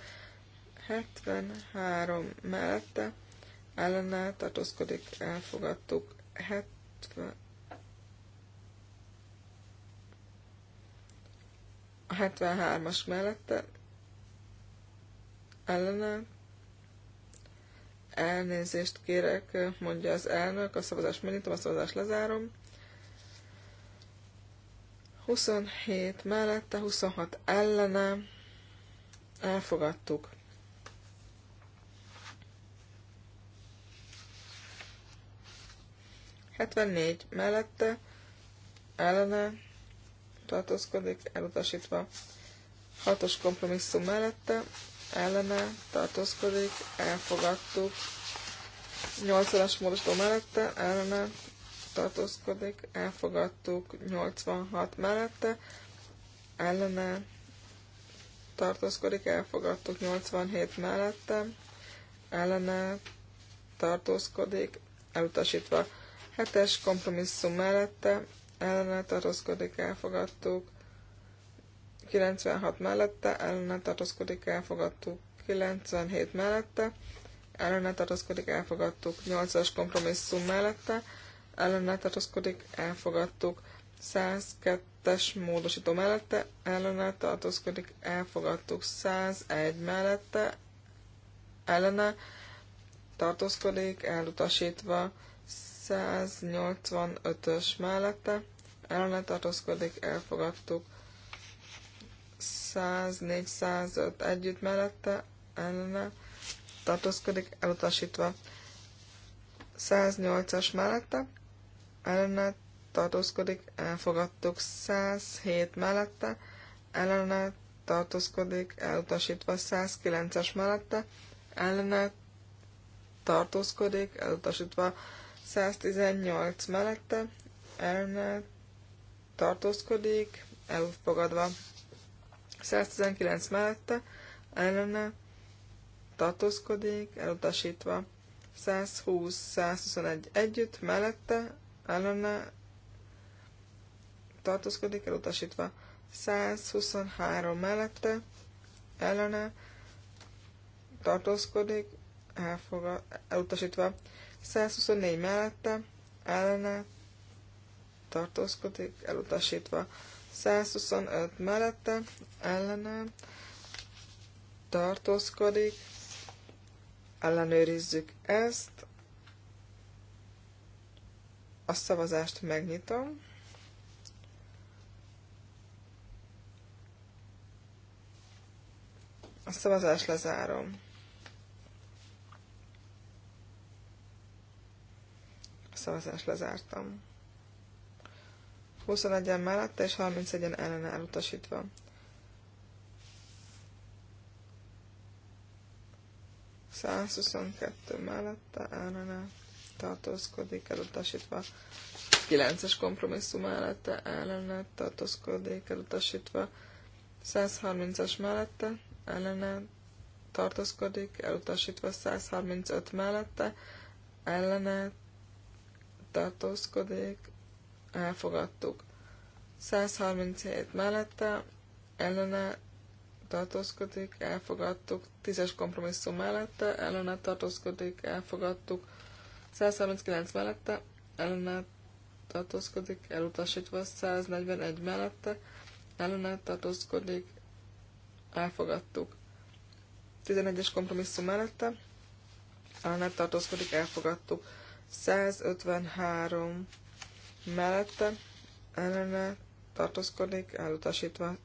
73 mellette ellene tartózkodik, elfogadtuk. 70 a 73-as mellette ellene Elnézést kérek, mondja az elnök, a szavazást megnyitom, a szavazást lezárom. 27 mellette, 26 ellene. Elfogadtuk. Hetvennégy mellette, ellene tartózkodik, elutasítva. Hatos kompromisszum mellette, ellene tartózkodik, elfogadtuk. 80-as módosító mellette ellene tartózkodik, elfogadtuk. 86 mellette ellene tartózkodik, elfogadtuk. 87 mellette ellene tartózkodik, elutasítva. 7-es kompromisszum mellette ellene tartózkodik, elfogadtuk. 96 mellette, ellene tartozkodik elfogadtuk. 97 mellette, ellene tartozkodik elfogadtuk. 8-as kompromisszum mellette, ellene tartozkodik elfogadtuk. 102-es módosító mellette, ellene tartozkodik elfogadtuk. 101 mellette, ellene tartózkodik, elutasítva. 185-ös mellette, ellene tartózkodik, elfogadtuk. 104 együtt mellette ellene tartózkodik, elutasítva. 108-as mellette ellene tartózkodik, elfogadtuk. 107 mellette ellene tartózkodik, elutasítva. 109-es mellette ellene tartózkodik, elutasítva. 118 mellette ellene tartózkodik, elfogadva 119 mellette ellene tartózkodik, elutasítva. 120-121 együtt, mellette, ellene tartózkodik, elutasítva. 123 mellette, ellene tartózkodik, elfogad, elutasítva. 124 mellette, ellene tartózkodik, elutasítva. 125 mellette ellene tartózkodik, ellenőrizzük ezt, a szavazást megnyitom, a szavazást lezárom. A szavazást lezártam. 21-en mellette és 31-en ellen elutasítva. kettő mellette ellene tartózkodik, elutasítva. 9-es kompromisszum mellette ellene tartózkodik, elutasítva. 130-as mellette ellene tartózkodik, elutasítva 135 mellette, ellene tartózkodik, elfogadtuk. 137 mellette ellene tartózkodik, elfogadtuk. 10-es kompromisszum mellette ellene tartózkodik, elfogadtuk. 139 mellette ellene tartózkodik, elutasítva 141 mellette ellene tartózkodik, elfogadtuk. 11-es kompromisszum mellette ellene tartózkodik, elfogadtuk. 153 mellette ellene tartózkodik, elutasítva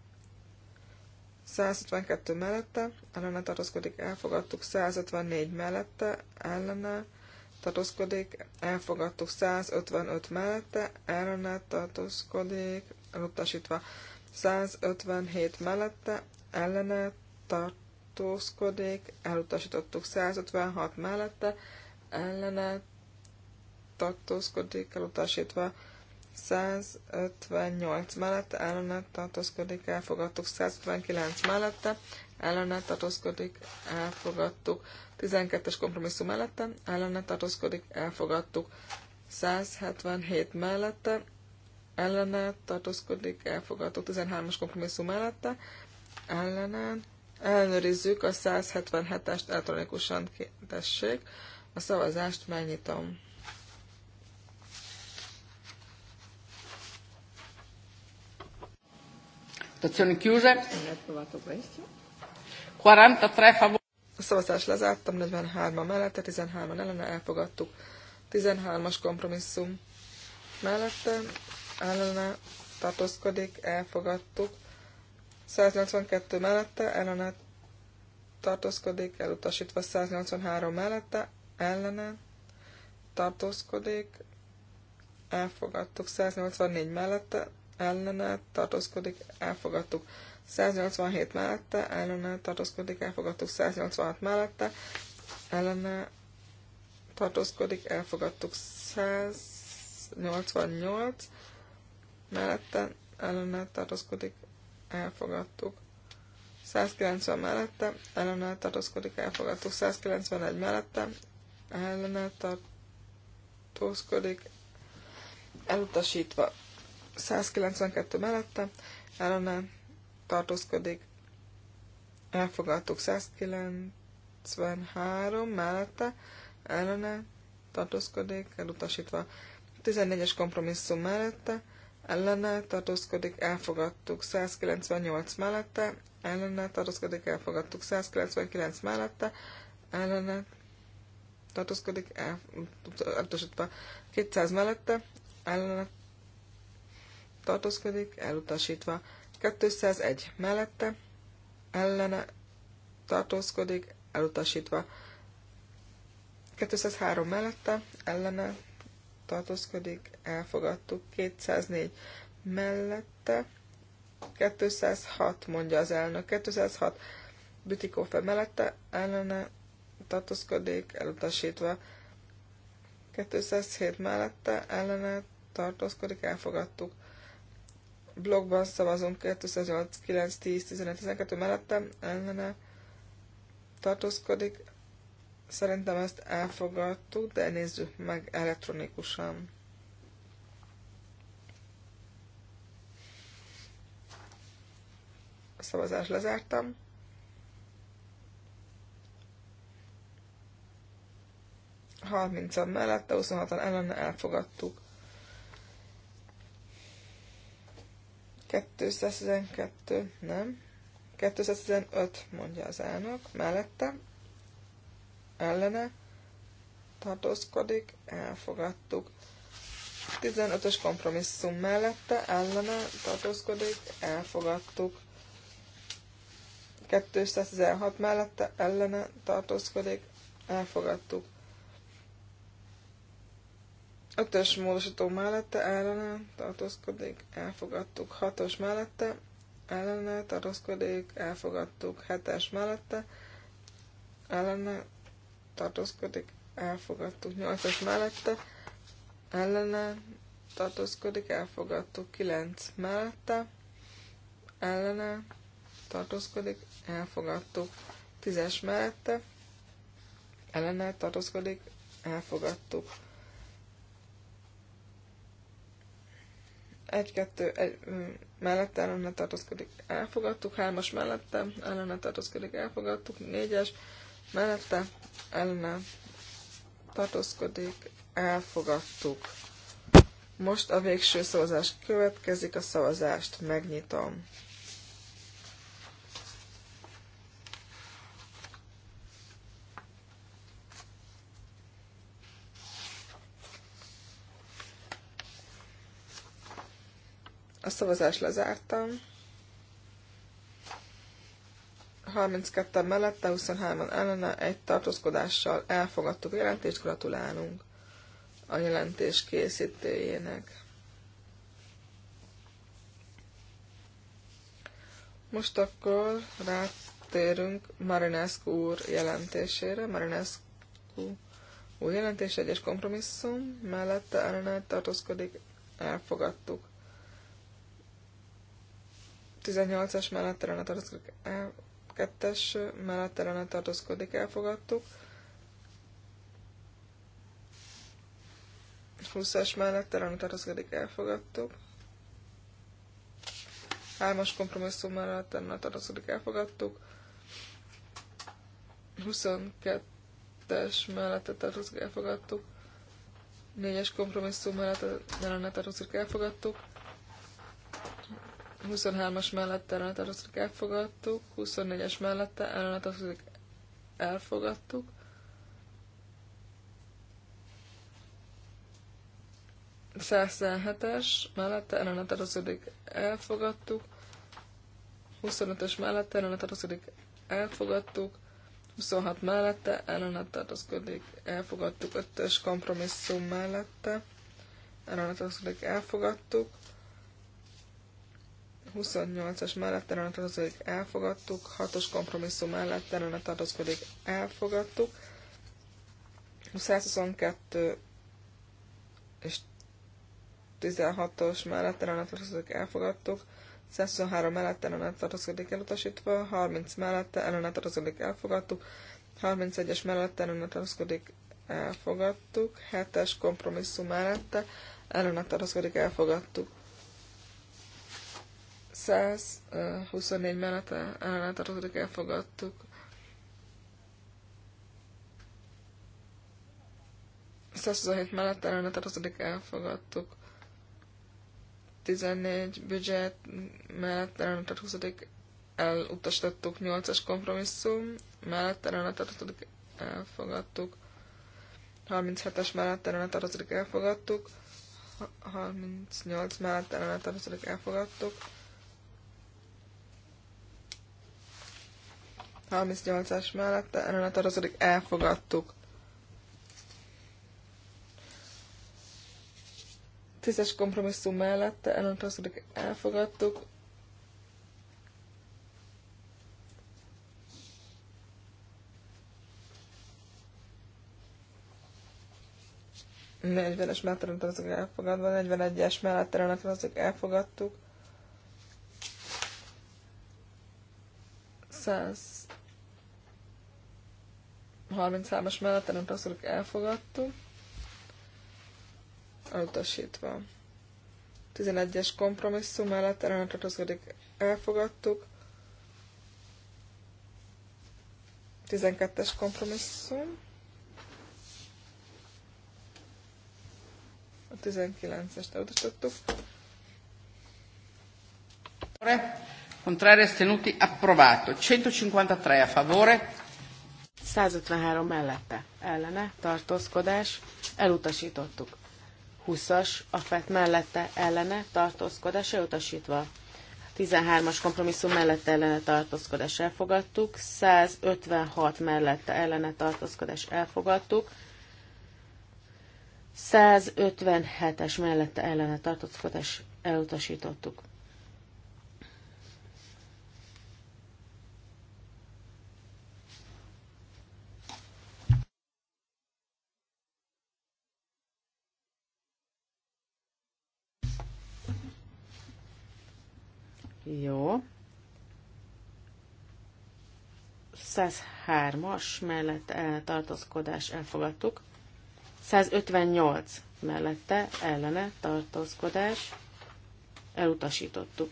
152 mellette, ellene tartózkodik, elfogadtuk 154 mellette, ellene tartózkodik, elfogadtuk 155 mellette, ellene tartózkodik, elutasítva 157 mellette, ellene tartózkodik, elutasítottuk 156 mellette, ellene tartózkodik, elutasítva 158 mellette ellenet tartózkodik, elfogadtuk. 159 mellette ellenet tartózkodik, elfogadtuk. 12-es kompromisszum mellette ellenet tartózkodik, elfogadtuk. 177 mellette ellenet tartózkodik, elfogadtuk. 13-as kompromisszum mellette ellenet ellenőrizzük a 177-est elektronikusan tessék. A szavazást megnyitom. Votazioni chiuse. 43 favore. A szavazást lezártam, 43-an mellette, 13-an ellene elfogadtuk. 13-as kompromisszum mellette, ellene tartózkodik, elfogadtuk. 182 mellette, ellene tartózkodik, elutasítva 183 mellette, ellene tartózkodik, elfogadtuk 184 mellette, ellene tartózkodik, elfogadtuk. 187 mellette, ellene tartózkodik, elfogadtuk. 186 mellette, ellene tartózkodik, elfogadtuk. 188 mellette, ellene tartózkodik, elfogadtuk. 190 mellette, ellene tartózkodik, elfogadtuk. 191 mellette, ellene tartózkodik, elutasítva. 192 mellette ellene tartózkodik. Elfogadtuk 193 mellette ellene tartózkodik, elutasítva. 14-es kompromisszum mellette ellene tartózkodik, elfogadtuk 198 mellette, ellene tartózkodik, elfogadtuk 199 mellette, ellene tartózkodik, elutasítva 200 mellette, ellene tartózkodik, elutasítva. 201 mellette, ellene tartózkodik, elutasítva. 203 mellette, ellene tartózkodik, elfogadtuk. 204 mellette, 206 mondja az elnök. 206 Bütikófe mellette, ellene tartózkodik, elutasítva. 207 mellette, ellene tartózkodik, elfogadtuk blogban szavazunk 208, 9, 10, 11, 12 mellettem ellene tartózkodik. Szerintem ezt elfogadtuk, de nézzük meg elektronikusan. A szavazást lezártam. Harmincan mellette, 26-an ellene elfogadtuk. 212, nem. 215, mondja az elnök, mellette, ellene, tartózkodik, elfogadtuk. 15-ös kompromisszum mellette, ellene, tartózkodik, elfogadtuk. 216 mellette, ellene, tartózkodik, elfogadtuk. Ötös módosító mellette ellene tartózkodik, elfogadtuk. Hatos mellette ellene tartózkodik, elfogadtuk. Hetes mellette ellene tartózkodik, elfogadtuk. Nyolcas mellette ellene tartózkodik, elfogadtuk. Kilenc mellette ellene tartózkodik, elfogadtuk. Tízes mellette ellene tartózkodik, elfogadtuk. egy-kettő egy, mm, mellette ellene tartózkodik, elfogadtuk, hármas mellette ellene tartózkodik, elfogadtuk, négyes mellette ellene tartózkodik, elfogadtuk. Most a végső szavazás következik, a szavazást megnyitom. A szavazást lezártam. 32 mellette, 23-an ellene, egy tartózkodással elfogadtuk a jelentést, gratulálunk a jelentés készítőjének. Most akkor rátérünk Marinescu úr jelentésére. Marinescu új jelentés, egyes kompromisszum, mellette ellene tartózkodik, elfogadtuk. 18-as mellett a tartozkodik el, eh, 2-es mellett ellene tartózkodik, elfogadtuk. 20-as mellett a tartozkodik elfogadtuk. 3-as kompromisszum mellett a tartozkodik elfogadtuk. 22-es mellett a tartozkodik elfogadtuk. 4-es kompromisszum mellett a tartozkodik elfogadtuk. 23-as mellette ellenet elfogadtuk. 24-es mellette ellenet elfogadtuk. es mellette ellenet elfogadtuk. 25-ös mellette ellenet elfogadtuk. 26 mellette ellenet elfogadtuk. 5-ös kompromisszum mellette ellenet elfogadtuk. 28-as mellett ellene tartozkodik, elfogadtuk. 6-os kompromisszum mellett ellene tartozkodik, elfogadtuk. 122 és 16-os mellett ellene tartozkodik, elfogadtuk. 123 mellett ellene tartozkodik, elutasítva. 30 mellette ellene tartozkodik, elfogadtuk. 31-es mellett ellene tartozkodik, elfogadtuk. 7-es kompromisszum mellette ellene tartozkodik, elfogadtuk. 124 mellett ellentartózkodik, elfogadtuk. 127 mellett ellene tartozik, elfogadtuk. 14 budget mellett ellene tartozik, elutasítottuk. 8-as kompromisszum mellett ellene tartozik, elfogadtuk. 37-es mellett ellene tartozik, elfogadtuk. 38 mellett ellene tartozik, elfogadtuk. 38-as mellette a tarazodik, elfogadtuk. 10-es kompromisszum mellette ellene tartozik, elfogadtuk. 40-es mellett azok elfogadva, 41-es mellett azok elfogadtuk. 100 33-as mellett nem passzolok, elfogadtuk. Elutasítva. 11-es kompromisszum mellett nem tartozkodik, elfogadtuk. 12-es kompromisszum. A 19-est elutasítottuk. Contrari astenuti approvato. 153 a favore. 153 mellette ellene tartózkodás elutasítottuk. 20-as FET mellette ellene tartózkodás elutasítva. 13-as kompromisszum mellette ellene tartózkodás elfogadtuk, 156 mellette ellene tartózkodás elfogadtuk, 157-es mellette ellene tartózkodás elutasítottuk. Jó. 103-as mellett eh, tartózkodás elfogadtuk. 158 mellette ellene tartózkodás elutasítottuk.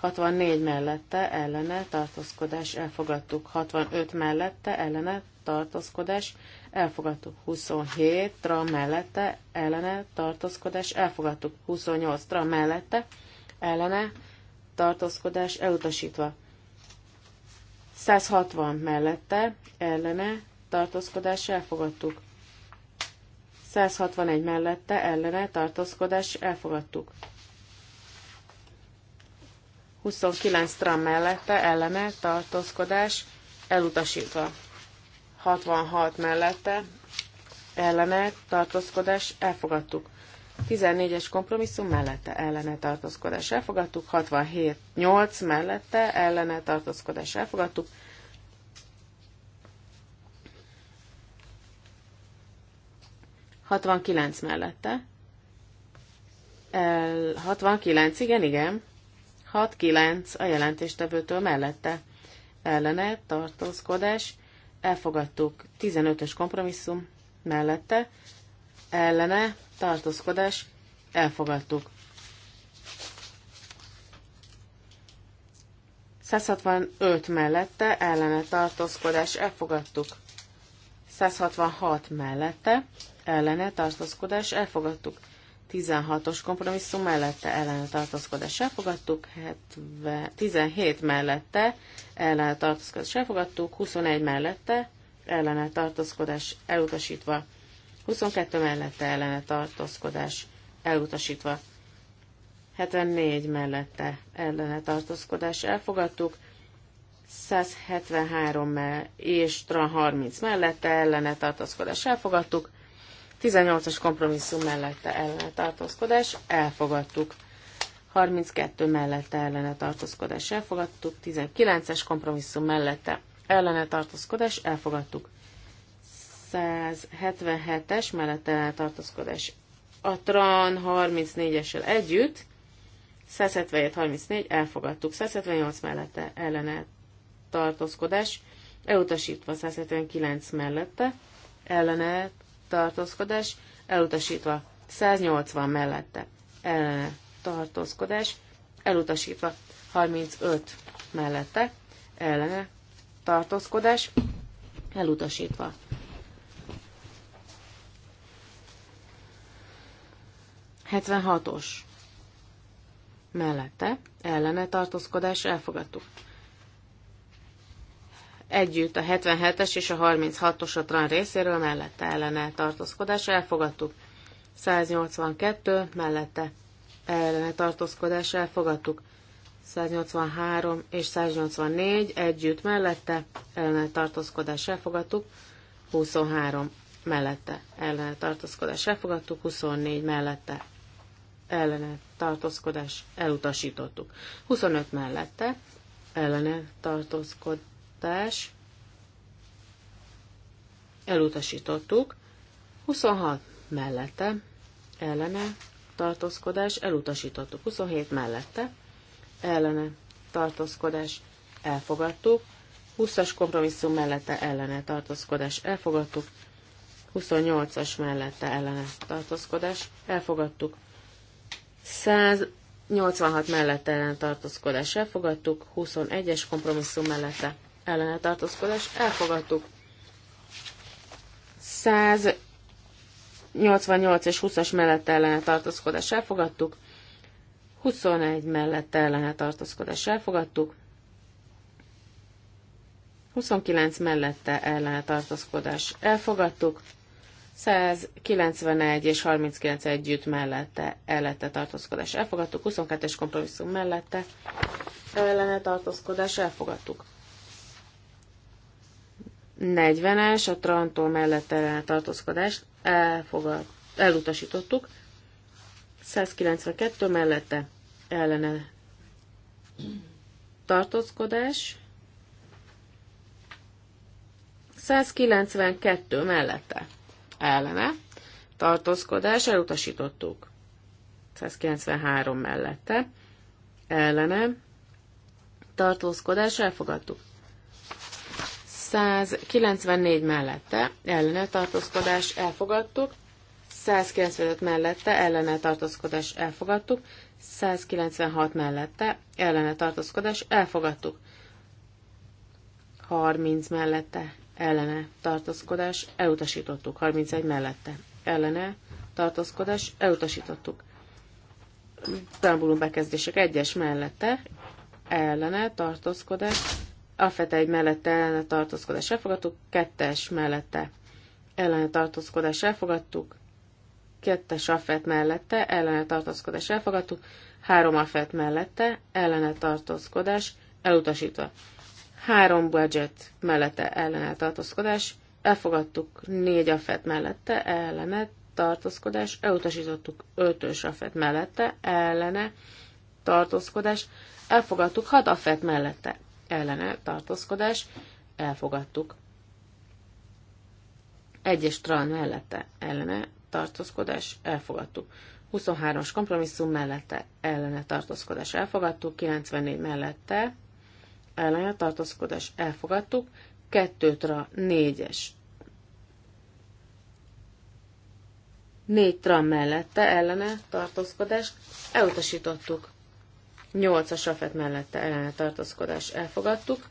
64 mellette ellene tartózkodás elfogadtuk. 65 mellette ellene tartózkodás elfogadtuk. 27 tra mellette ellene tartózkodás elfogadtuk. 28 tra mellette ellene tartózkodás elutasítva. 160 mellette, ellene, tartózkodás elfogadtuk. 161 mellette, ellene, tartózkodás elfogadtuk. 29 tram mellette, ellene, tartózkodás elutasítva. 66 mellette, ellene, tartózkodás elfogadtuk. 14-es kompromisszum mellette ellene tartózkodás elfogadtuk, 67-8 mellette ellene tartózkodás elfogadtuk, kilenc mellette. El, 69, igen, igen. 69 a jelentéstevőtől mellette. Ellene tartózkodás. Elfogadtuk 15-ös kompromisszum mellette ellene tartózkodás elfogadtuk. 165 mellette ellene tartózkodás elfogadtuk. 166 mellette ellene tartózkodás elfogadtuk. 16-os kompromisszum mellette ellene tartózkodás elfogadtuk, 70, 17 mellette ellene tartózkodás elfogadtuk, 21 mellette ellene tartózkodás elutasítva, 22 mellette ellene tartózkodás elutasítva. 74 mellette ellene tartózkodás elfogadtuk. 173 mell és 30 mellette ellene tartózkodás elfogadtuk. 18-as kompromisszum mellette ellene tartózkodás elfogadtuk. 32 mellette ellene tartózkodás elfogadtuk, 19-es kompromisszum mellette ellene tartózkodás elfogadtuk. 177-es mellette eltartózkodás a TRAN 34-essel együtt, 177-34 elfogadtuk, 178 mellette ellene tartózkodás, elutasítva 179 mellette ellene tartózkodás, elutasítva 180 mellette ellene tartózkodás, elutasítva 35 mellette ellene tartózkodás, elutasítva 76-os mellette ellene tartózkodás elfogadtuk. Együtt a 77-es és a 36-os a tran részéről mellette ellene tartózkodás elfogadtuk. 182 mellette ellene tartózkodás elfogadtuk. 183 és 184 együtt mellette ellene tartózkodás elfogadtuk. 23 mellette ellene tartózkodás elfogadtuk, 24 mellette ellene tartózkodás elutasítottuk. 25 mellette ellene tartózkodás elutasítottuk. 26 mellette ellene tartózkodás elutasítottuk. 27 mellette ellene tartózkodás elfogadtuk. 20-as kompromisszum mellette ellene tartózkodás elfogadtuk. 28-as mellette ellene tartózkodás elfogadtuk. 186 mellett ellen tartózkodás elfogadtuk, 21-es kompromisszum mellette ellene tartózkodás elfogadtuk. 188 és 20-as mellett ellene tartózkodás elfogadtuk, 21 mellett ellene tartózkodás elfogadtuk, 29 mellette ellene tartózkodás elfogadtuk, 191 és 39 együtt mellette ellette tartózkodás elfogadtuk, 22-es kompromisszum mellette ellene tartózkodás elfogadtuk. 40-es, a Trantól mellett ellene tartózkodást elfogad, elutasítottuk, 192 mellette ellene tartózkodás, 192 mellette ellene, tartózkodás, elutasítottuk. 193 mellette, ellene, tartózkodás, elfogadtuk. 194 mellette, ellene, tartózkodás, elfogadtuk. 195 mellette, ellene, tartózkodás, elfogadtuk. 196 mellette, ellene, tartózkodás, elfogadtuk. 30 mellette, ellene tartózkodás elutasítottuk. 31 mellette ellene tartózkodás elutasítottuk. Tambulum bekezdések egyes mellette ellene tartózkodás, alfeta egy mellette ellene tartózkodás elfogadtuk, kettes mellette ellene tartózkodás elfogadtuk, kettes afet mellette ellene tartózkodás elfogadtuk, három afet mellette ellene tartózkodás elutasítva. Három budget mellette ellene tartózkodás, elfogadtuk négy afet mellette ellene tartózkodás, elutasítottuk ötös afet mellette ellene tartózkodás, elfogadtuk hat afet mellette ellene tartózkodás, elfogadtuk egyes tran mellette ellene tartózkodás, elfogadtuk. 23-as kompromisszum mellette ellene tartózkodás elfogadtuk, 94 mellette ellene tartózkodás elfogadtuk, kettőtra négyes. Négy tram mellette ellene tartózkodás elutasítottuk. Nyolcas rafet mellette ellene tartózkodás elfogadtuk.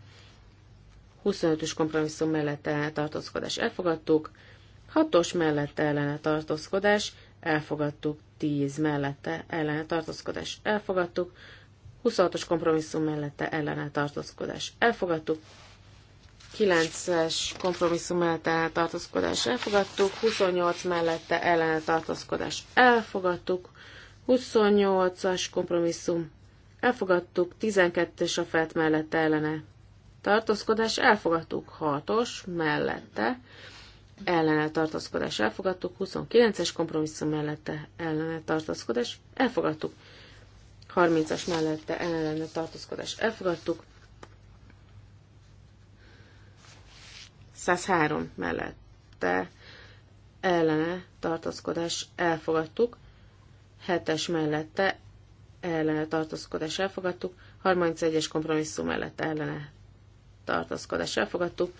25-ös kompromisszum mellette ellene tartózkodás elfogadtuk. 6-os mellette ellene tartózkodás elfogadtuk. 10 mellette ellene tartózkodás elfogadtuk. 26-os kompromisszum mellette ellene tartózkodás elfogadtuk. 9-es kompromisszum mellett tartózkodás. elfogadtuk, 28 mellette tartózkodás. elfogadtuk, 28-as kompromisszum elfogadtuk, 12-es a felt mellette ellene tartózkodás elfogadtuk, 6-os mellette ellene tartózkodás elfogadtuk, 29-es kompromisszum mellette ellene tartózkodás elfogadtuk, 30-as mellette ellene tartózkodás elfogadtuk. 103 mellette ellene tartózkodás elfogadtuk. 7-es mellette ellene tartózkodás elfogadtuk. 31-es kompromisszum mellette ellene tartózkodás elfogadtuk.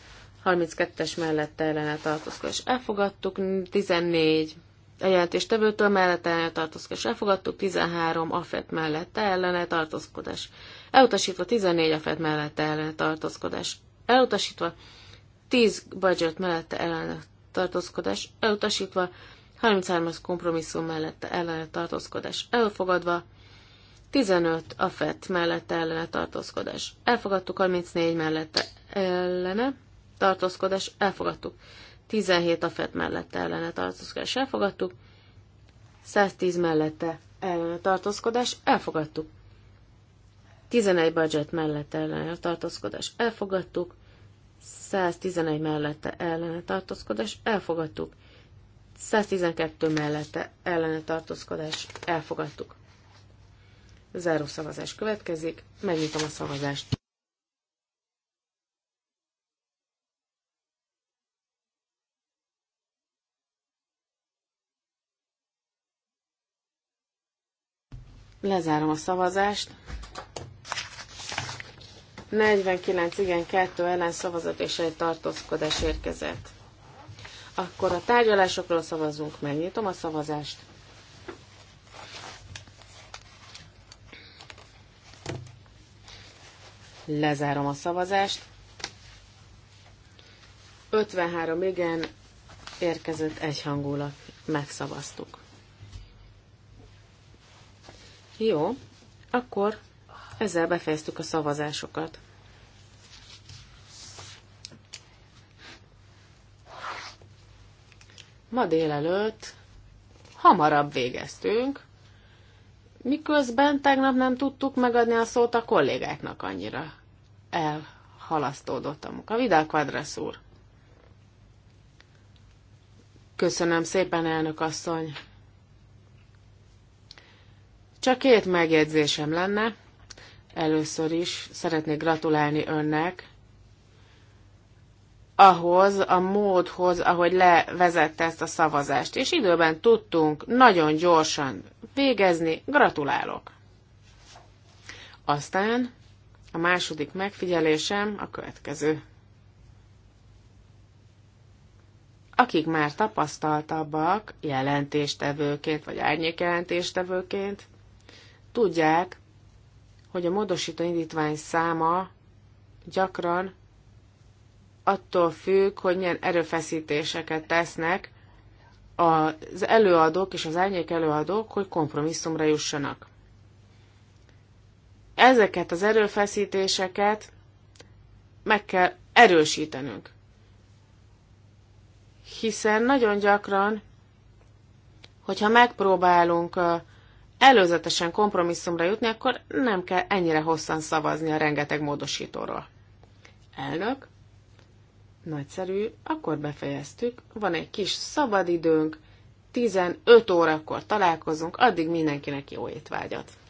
32-es mellette ellene tartózkodás elfogadtuk. 14 a jelentéstevőtől mellette ellene tartózkodás elfogadtuk, 13 afet mellette ellene tartózkodás. Elutasítva 14 afet mellette ellene tartózkodás. Elutasítva 10 budget mellette ellene tartózkodás. Elutasítva 33-as kompromisszum mellette ellene tartózkodás. Elfogadva 15 afet mellette ellene tartózkodás. Elfogadtuk 34 mellette ellene tartózkodás. Elfogadtuk. 17 a FED mellette ellene tartózkodás elfogadtuk, 110 mellette ellene tartózkodás elfogadtuk, 11 budget mellette ellene tartózkodás elfogadtuk, 111 mellette ellene tartózkodás elfogadtuk, 112 mellette ellene tartózkodás elfogadtuk. Záró szavazás következik, megnyitom a szavazást. Lezárom a szavazást. 49 igen, 2 ellen szavazat és egy tartózkodás érkezett. Akkor a tárgyalásokról szavazunk. Megnyitom a szavazást. Lezárom a szavazást. 53 igen, érkezett egyhangulat. Megszavaztuk. Jó, akkor ezzel befejeztük a szavazásokat. Ma délelőtt hamarabb végeztünk, miközben tegnap nem tudtuk megadni a szót a kollégáknak annyira. Elhalasztódott a munka. Vidal Quadrasz úr. Köszönöm szépen, elnök asszony. Csak két megjegyzésem lenne. Először is szeretnék gratulálni önnek ahhoz, a módhoz, ahogy levezette ezt a szavazást, és időben tudtunk nagyon gyorsan végezni. Gratulálok! Aztán a második megfigyelésem a következő. Akik már tapasztaltabbak jelentéstevőként vagy jelentéstevőként, Tudják, hogy a módosító indítvány száma gyakran attól függ, hogy milyen erőfeszítéseket tesznek az előadók és az árnyék előadók, hogy kompromisszumra jussanak. Ezeket az erőfeszítéseket meg kell erősítenünk. Hiszen nagyon gyakran, hogyha megpróbálunk előzetesen kompromisszumra jutni, akkor nem kell ennyire hosszan szavazni a rengeteg módosítóról. Elnök, nagyszerű, akkor befejeztük, van egy kis szabadidőnk, 15 órakor találkozunk, addig mindenkinek jó étvágyat!